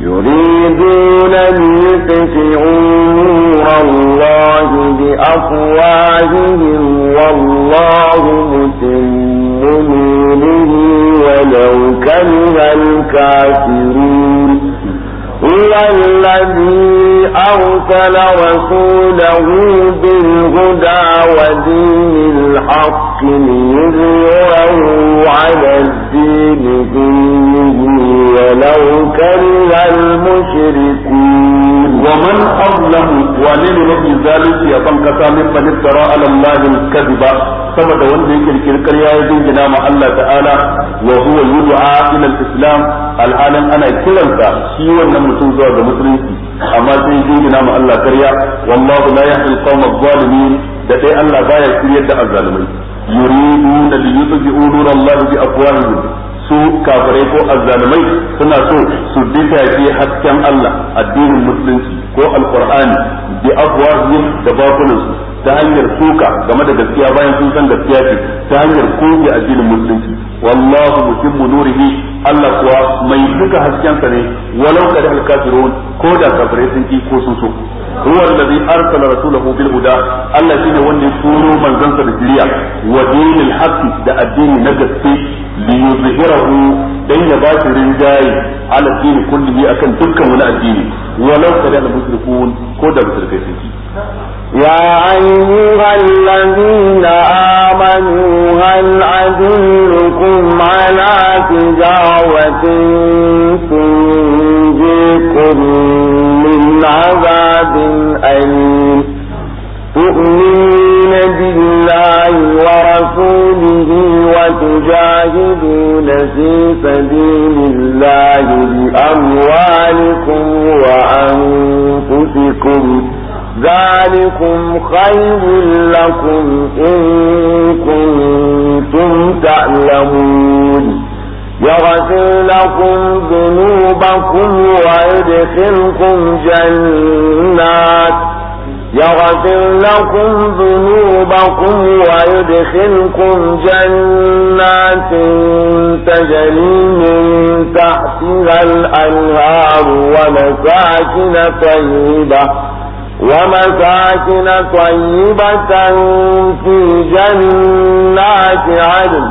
يريدون ليطفئوا نور الله بأفواههم والله متم نوره ولو كره الكافرون هو الذي أرسل رسوله بالهدى ودين الحق ليظهره على الدين كله ولو كره المشركون ومن أظلم ولن نبي ذلك يطن كسام من افترى على الله الكذب ثم دون ذلك الكركر يا يدين جنام الله تعالى وهو يدعى إلى الإسلام العالم أنا كلمك سيوى النمتون زوى المسلمين أما سيدين جنام الله كريا والله لا يهدي القوم الظالمين لدي الله بايا كريا دعا الظالمين يريدون ليطفئوا نور الله بأفواههم su kafirai ko azzalumai suna so su ditace hasken Allah addinin musulunci ko alqur'ani bi afwahihim da bakunansu ta hanyar suka game da gaskiya bayan sun san gaskiya ce ta hanyar koke addinin musulunci wallahu mutimmu nurihi Allah kuwa mai duka haskensa ne walau kada al-kafirun ko da kafirai sun ki ko sun so huwa allazi arsala rasulahu bil huda Allah shine wanda ya turo manzansa da jiriya wa dinil haqqi da addini na gaske li yuzhirahu dan ya ba shi rinjaye ala dini akan dukkan wani addini walau kada al-mushrikun ko da mushrikai sun ki يا أيها الذين آمنوا هل أدلكم على تجارة تنجيكم من عذاب أليم تؤمنون بالله ورسوله وتجاهدون في سبيل الله بأموالكم وأنفسكم ذلكم خير لكم إن كنتم تعلمون يغفر لكم ذنوبكم ويدخلكم جنات يغفر لكم ذنوبكم ويدخلكم جنات تجري من تحتها الأنهار ومساكن طيبة ومساكن طيبة في جنات عدن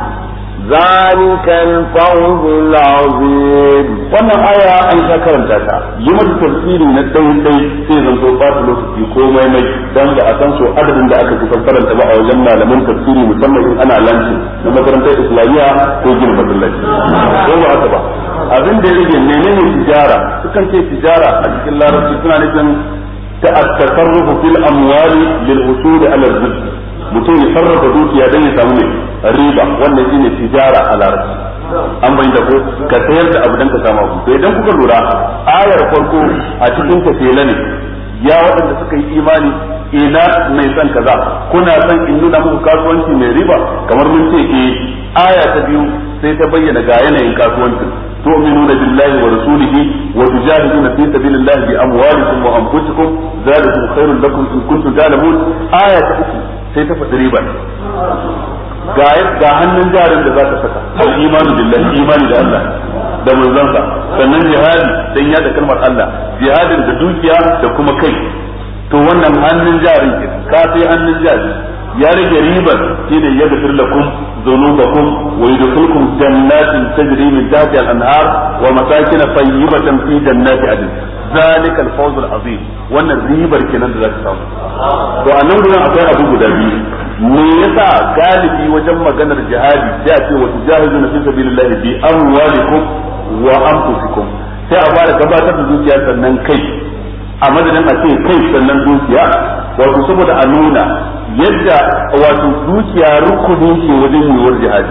ذلك الفوز العظيم wannan aya an ta yi mata tafsiri na tsayin dai sai zan so ba lokaci mai dan da a san so adadin da aka fi fassarar ta ba a wajen malaman tafsiri musamman in ana lanci na makarantar islamiyya ko gina masallaci ko ba haka ba abin da ya rage menene tijara sukan ce tijara a cikin larabci suna nufin ta at-tasarrufu fil amwali lil usul ala mutum ya sarrafa dukiya dan ya samu ne riba wannan shine tijara a larabci an bai da ko ka sayar da abu dan ka samu abu to idan kuka lura ayar farko a cikin fela ne ya waɗanda suka yi imani ina mai son kaza kuna son in nuna muku kasuwanci mai riba kamar mun ce ke aya ta biyu sai ta bayyana ga yanayin kasuwancin تؤمنون بالله ورسوله وتجاهدون في سبيل الله بأموالكم وأنفسكم ذلكم خير لكم إن كنتم تعلمون آية أخرى سيتفى تقريبا ga hannun jarin da za ta saka al imanu billahi imani da Allah da manzansa sannan jihadi dan yada kalmar Allah jihadin da dukiya da kuma kai to wannan hannun jarin ka sai hannun jarin ya rage ribar shine ya gafir lakum dhunubakum wa yudkhilukum jannatin tajri min tahtiha al-anhar wa masakin tayyibatan fi jannati adn zalika al-fawz al-azim wannan ribar kenan da zaka samu to a nan gurin akwai abu guda biyu me yasa galibi wajen maganar jihadi sai a ce wa tujahiduna fi sabilillahi bi amwalikum wa anfusikum sai a fara gabatar da dukiya sannan kai a madadin a ce kai sannan dukiya wato saboda a nuna yadda wato dukiya rukunin ke wajen yiwuwar jihadi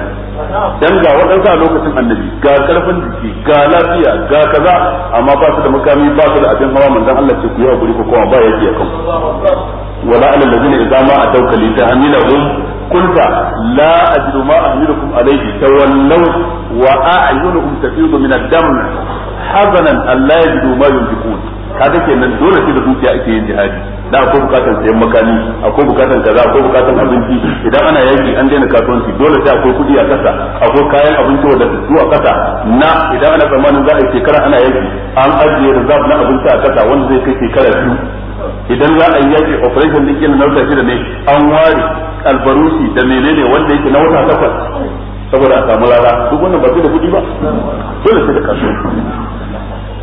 dan ga waɗansu a lokacin annabi ga karfin jiki ga lafiya ga kaza amma ba su da makami ba su da abin hawa manzon Allah ce ku yawa guri ko kuma ba yake ya kan wala alal ladina idza ma atawka li tahmilahum qulta la ajidu ma ahmilukum alayhi tawallaw wa a'yunuhum tafidu min ad-dam hazanan alla yajidu ma yunfiqun kaga kenan dole sai da dukiya ake yin jihadi da akwai bukatar sayan makami akwai bukatar kaza akwai bukatar abinci idan ana yaki an daina kasuwanci dole sai akwai kuɗi a kasa akwai kayan abinci wanda su a kasa na idan ana tsammanin za a yi shekara ana yaki an ajiye reserve na abinci a kasa wanda zai kai shekara biyu idan za a yi yaki operation din kina na wata shida ne an ware albarusi da menene wanda yake na wata takwas saboda a samu rara duk wannan ba su da kuɗi ba dole sai da kasuwanci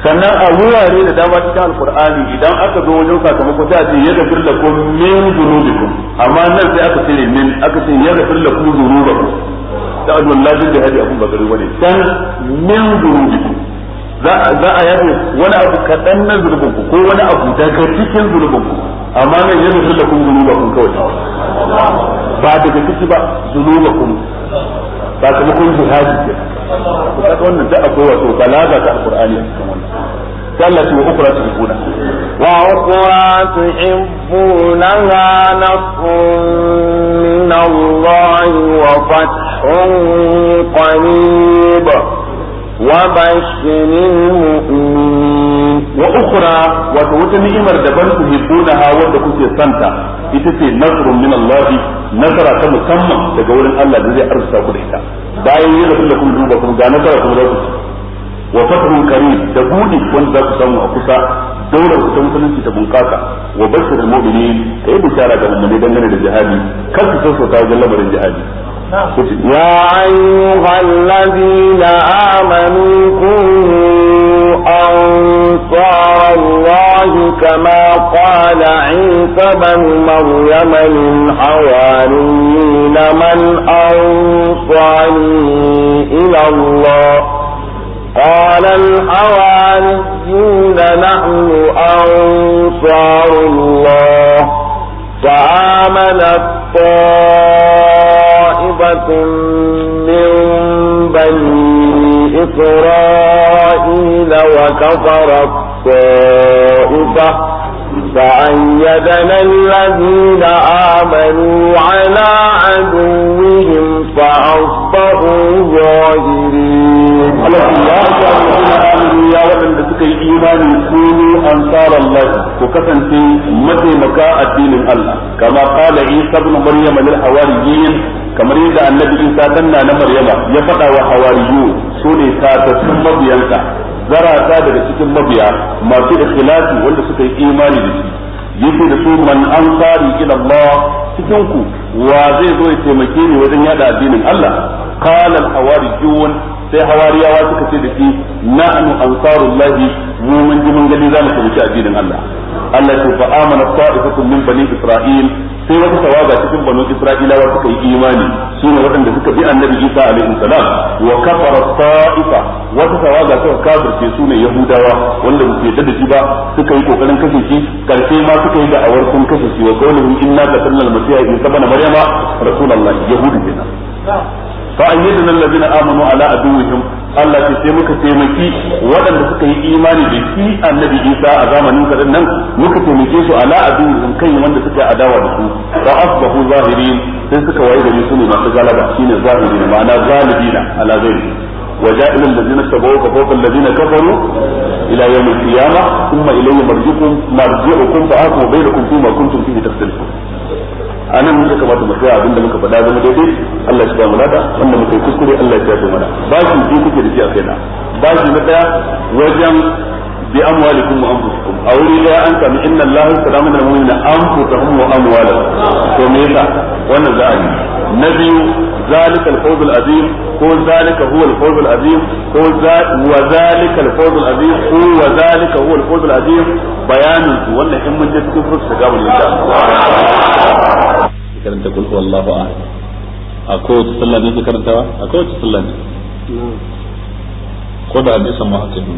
sannan a wurare da dama cikin alkur'ani idan aka zo wajen sakamako sai a ce ya gafir lakum min dhunubikum amma nan sai aka cire min aka ce ya gafir ku. dhunubakum da ajwal lazim da hadi abun bagari wani san min dhunubikum za a yafe wani abu kaɗan na zunubinku ko wani abu daga cikin zunubinku amma nan ya gafir lakum dhunubakum kawai ba daga ciki ba dhunubakum sakamakon jihadi ke ku kaga wannan da akwai wato balaga ta alqur'ani cikin wannan sallatu wa ukra tuhibuna wa ukra tuhibunaha nasrun min Allah wa fathun qarib وبشر المؤمنين واخرى وتوت نعمر ita ce nasrun min Allah nasara ta musamman daga wurin Allah da zai arzuta ku da ita bayan yin da kuma duba kuma ga nasara kuma za ku ci wa fathun karim da buɗe wanda za ku samu a kusa daular ku ta musulunci ta bunƙasa wa bashir al-mu'minin ka yi bishara ga mu'mini dangane da jihadi kar ku sassauta wajen lamarin jihadi يا أيها الذين آمنوا كونوا أنصار الله الله كما قال عيسى بن مريم للحواريين من أنصاري إلى الله قال الحواريون نحن أنصار الله فآمنت طائفة من بني إسرائيل وكفرت الطائفة فأيدنا الذين آمنوا على عدوهم فأصبحوا ظاهرين الله يا waɗanda suka yi imani kunu Allah ku kasance mataimaka addinin Allah kama qala Isa ibn Maryam lil hawariyin kamar yadda annabi Isa tanna na maryam ya faɗa wa hawariyu su ne ta mabiyansa zarata daga cikin mabiya masu ikhlasi wanda suka yi imani da shi yake da su man ansari ila Allah cikin ku wa zai zo ya taimake ni wajen yada addinin Allah qala al-hawariyun sai hawariyawa suka ce da shi na'anu ansarullahi mu mun ji mun gani zamu tabbata addinin Allah Allah ya fa amana ta'ifatun min bani isra'il sai wata tawaga cikin banu isra'ilawa suka yi imani sune waɗanda suka bi annabi Isa alaihi salam wa kafara ta'ifa wata tawaga suka kafirce sune yahudawa wanda muke da shi ba suka yi kokarin kashe shi karshe ma suka yi da'awar sun kashe shi wa qawluhum inna qatalna al-masiha isa ibn maryama rasulullahi yahudi kenan fa ayyadna allazina amanu ala aduwwihim Allah ce sai muka taimaki waɗanda suka yi imani da shi annabi Isa a zamanin sa nan muka taimake su ala aduwwihim kai wanda suka adawa da su fa asbahu zahirin sai suka waye da su ne masu galaba shine zahirin ma'ana zalibina ala ghairi وجاء الى الذين تبوك فوق الذين كفروا الى يوم القيامه ثم الي مرجعكم مرجعكم فاحكم بينكم فيما كنتم فيه تختلفون anan mun kamata mu tsaya abinda muka faɗa zama daidai Allah ya ba mu lada wanda muka yi kuskure Allah ya tafi mana bashi biyu kuke da shi a kaina bashi na daya wajen bi amwalikum wa anfusikum a wuri daya an sami inna Allah salamu alal na anfusuhum wa amwalahum to me yasa wannan za a yi na biyu ذلك الفوز ko هو ذلك هو الفوز العظيم هو وذلك الفوز العظيم هو وذلك هو الفوز العظيم بيان wannan in mun je cikin fuska gaban karanta kul huwa huwallahu ahad a kowace sallah ne su karantawa a kowace sallah ne ko da hadisan mu haka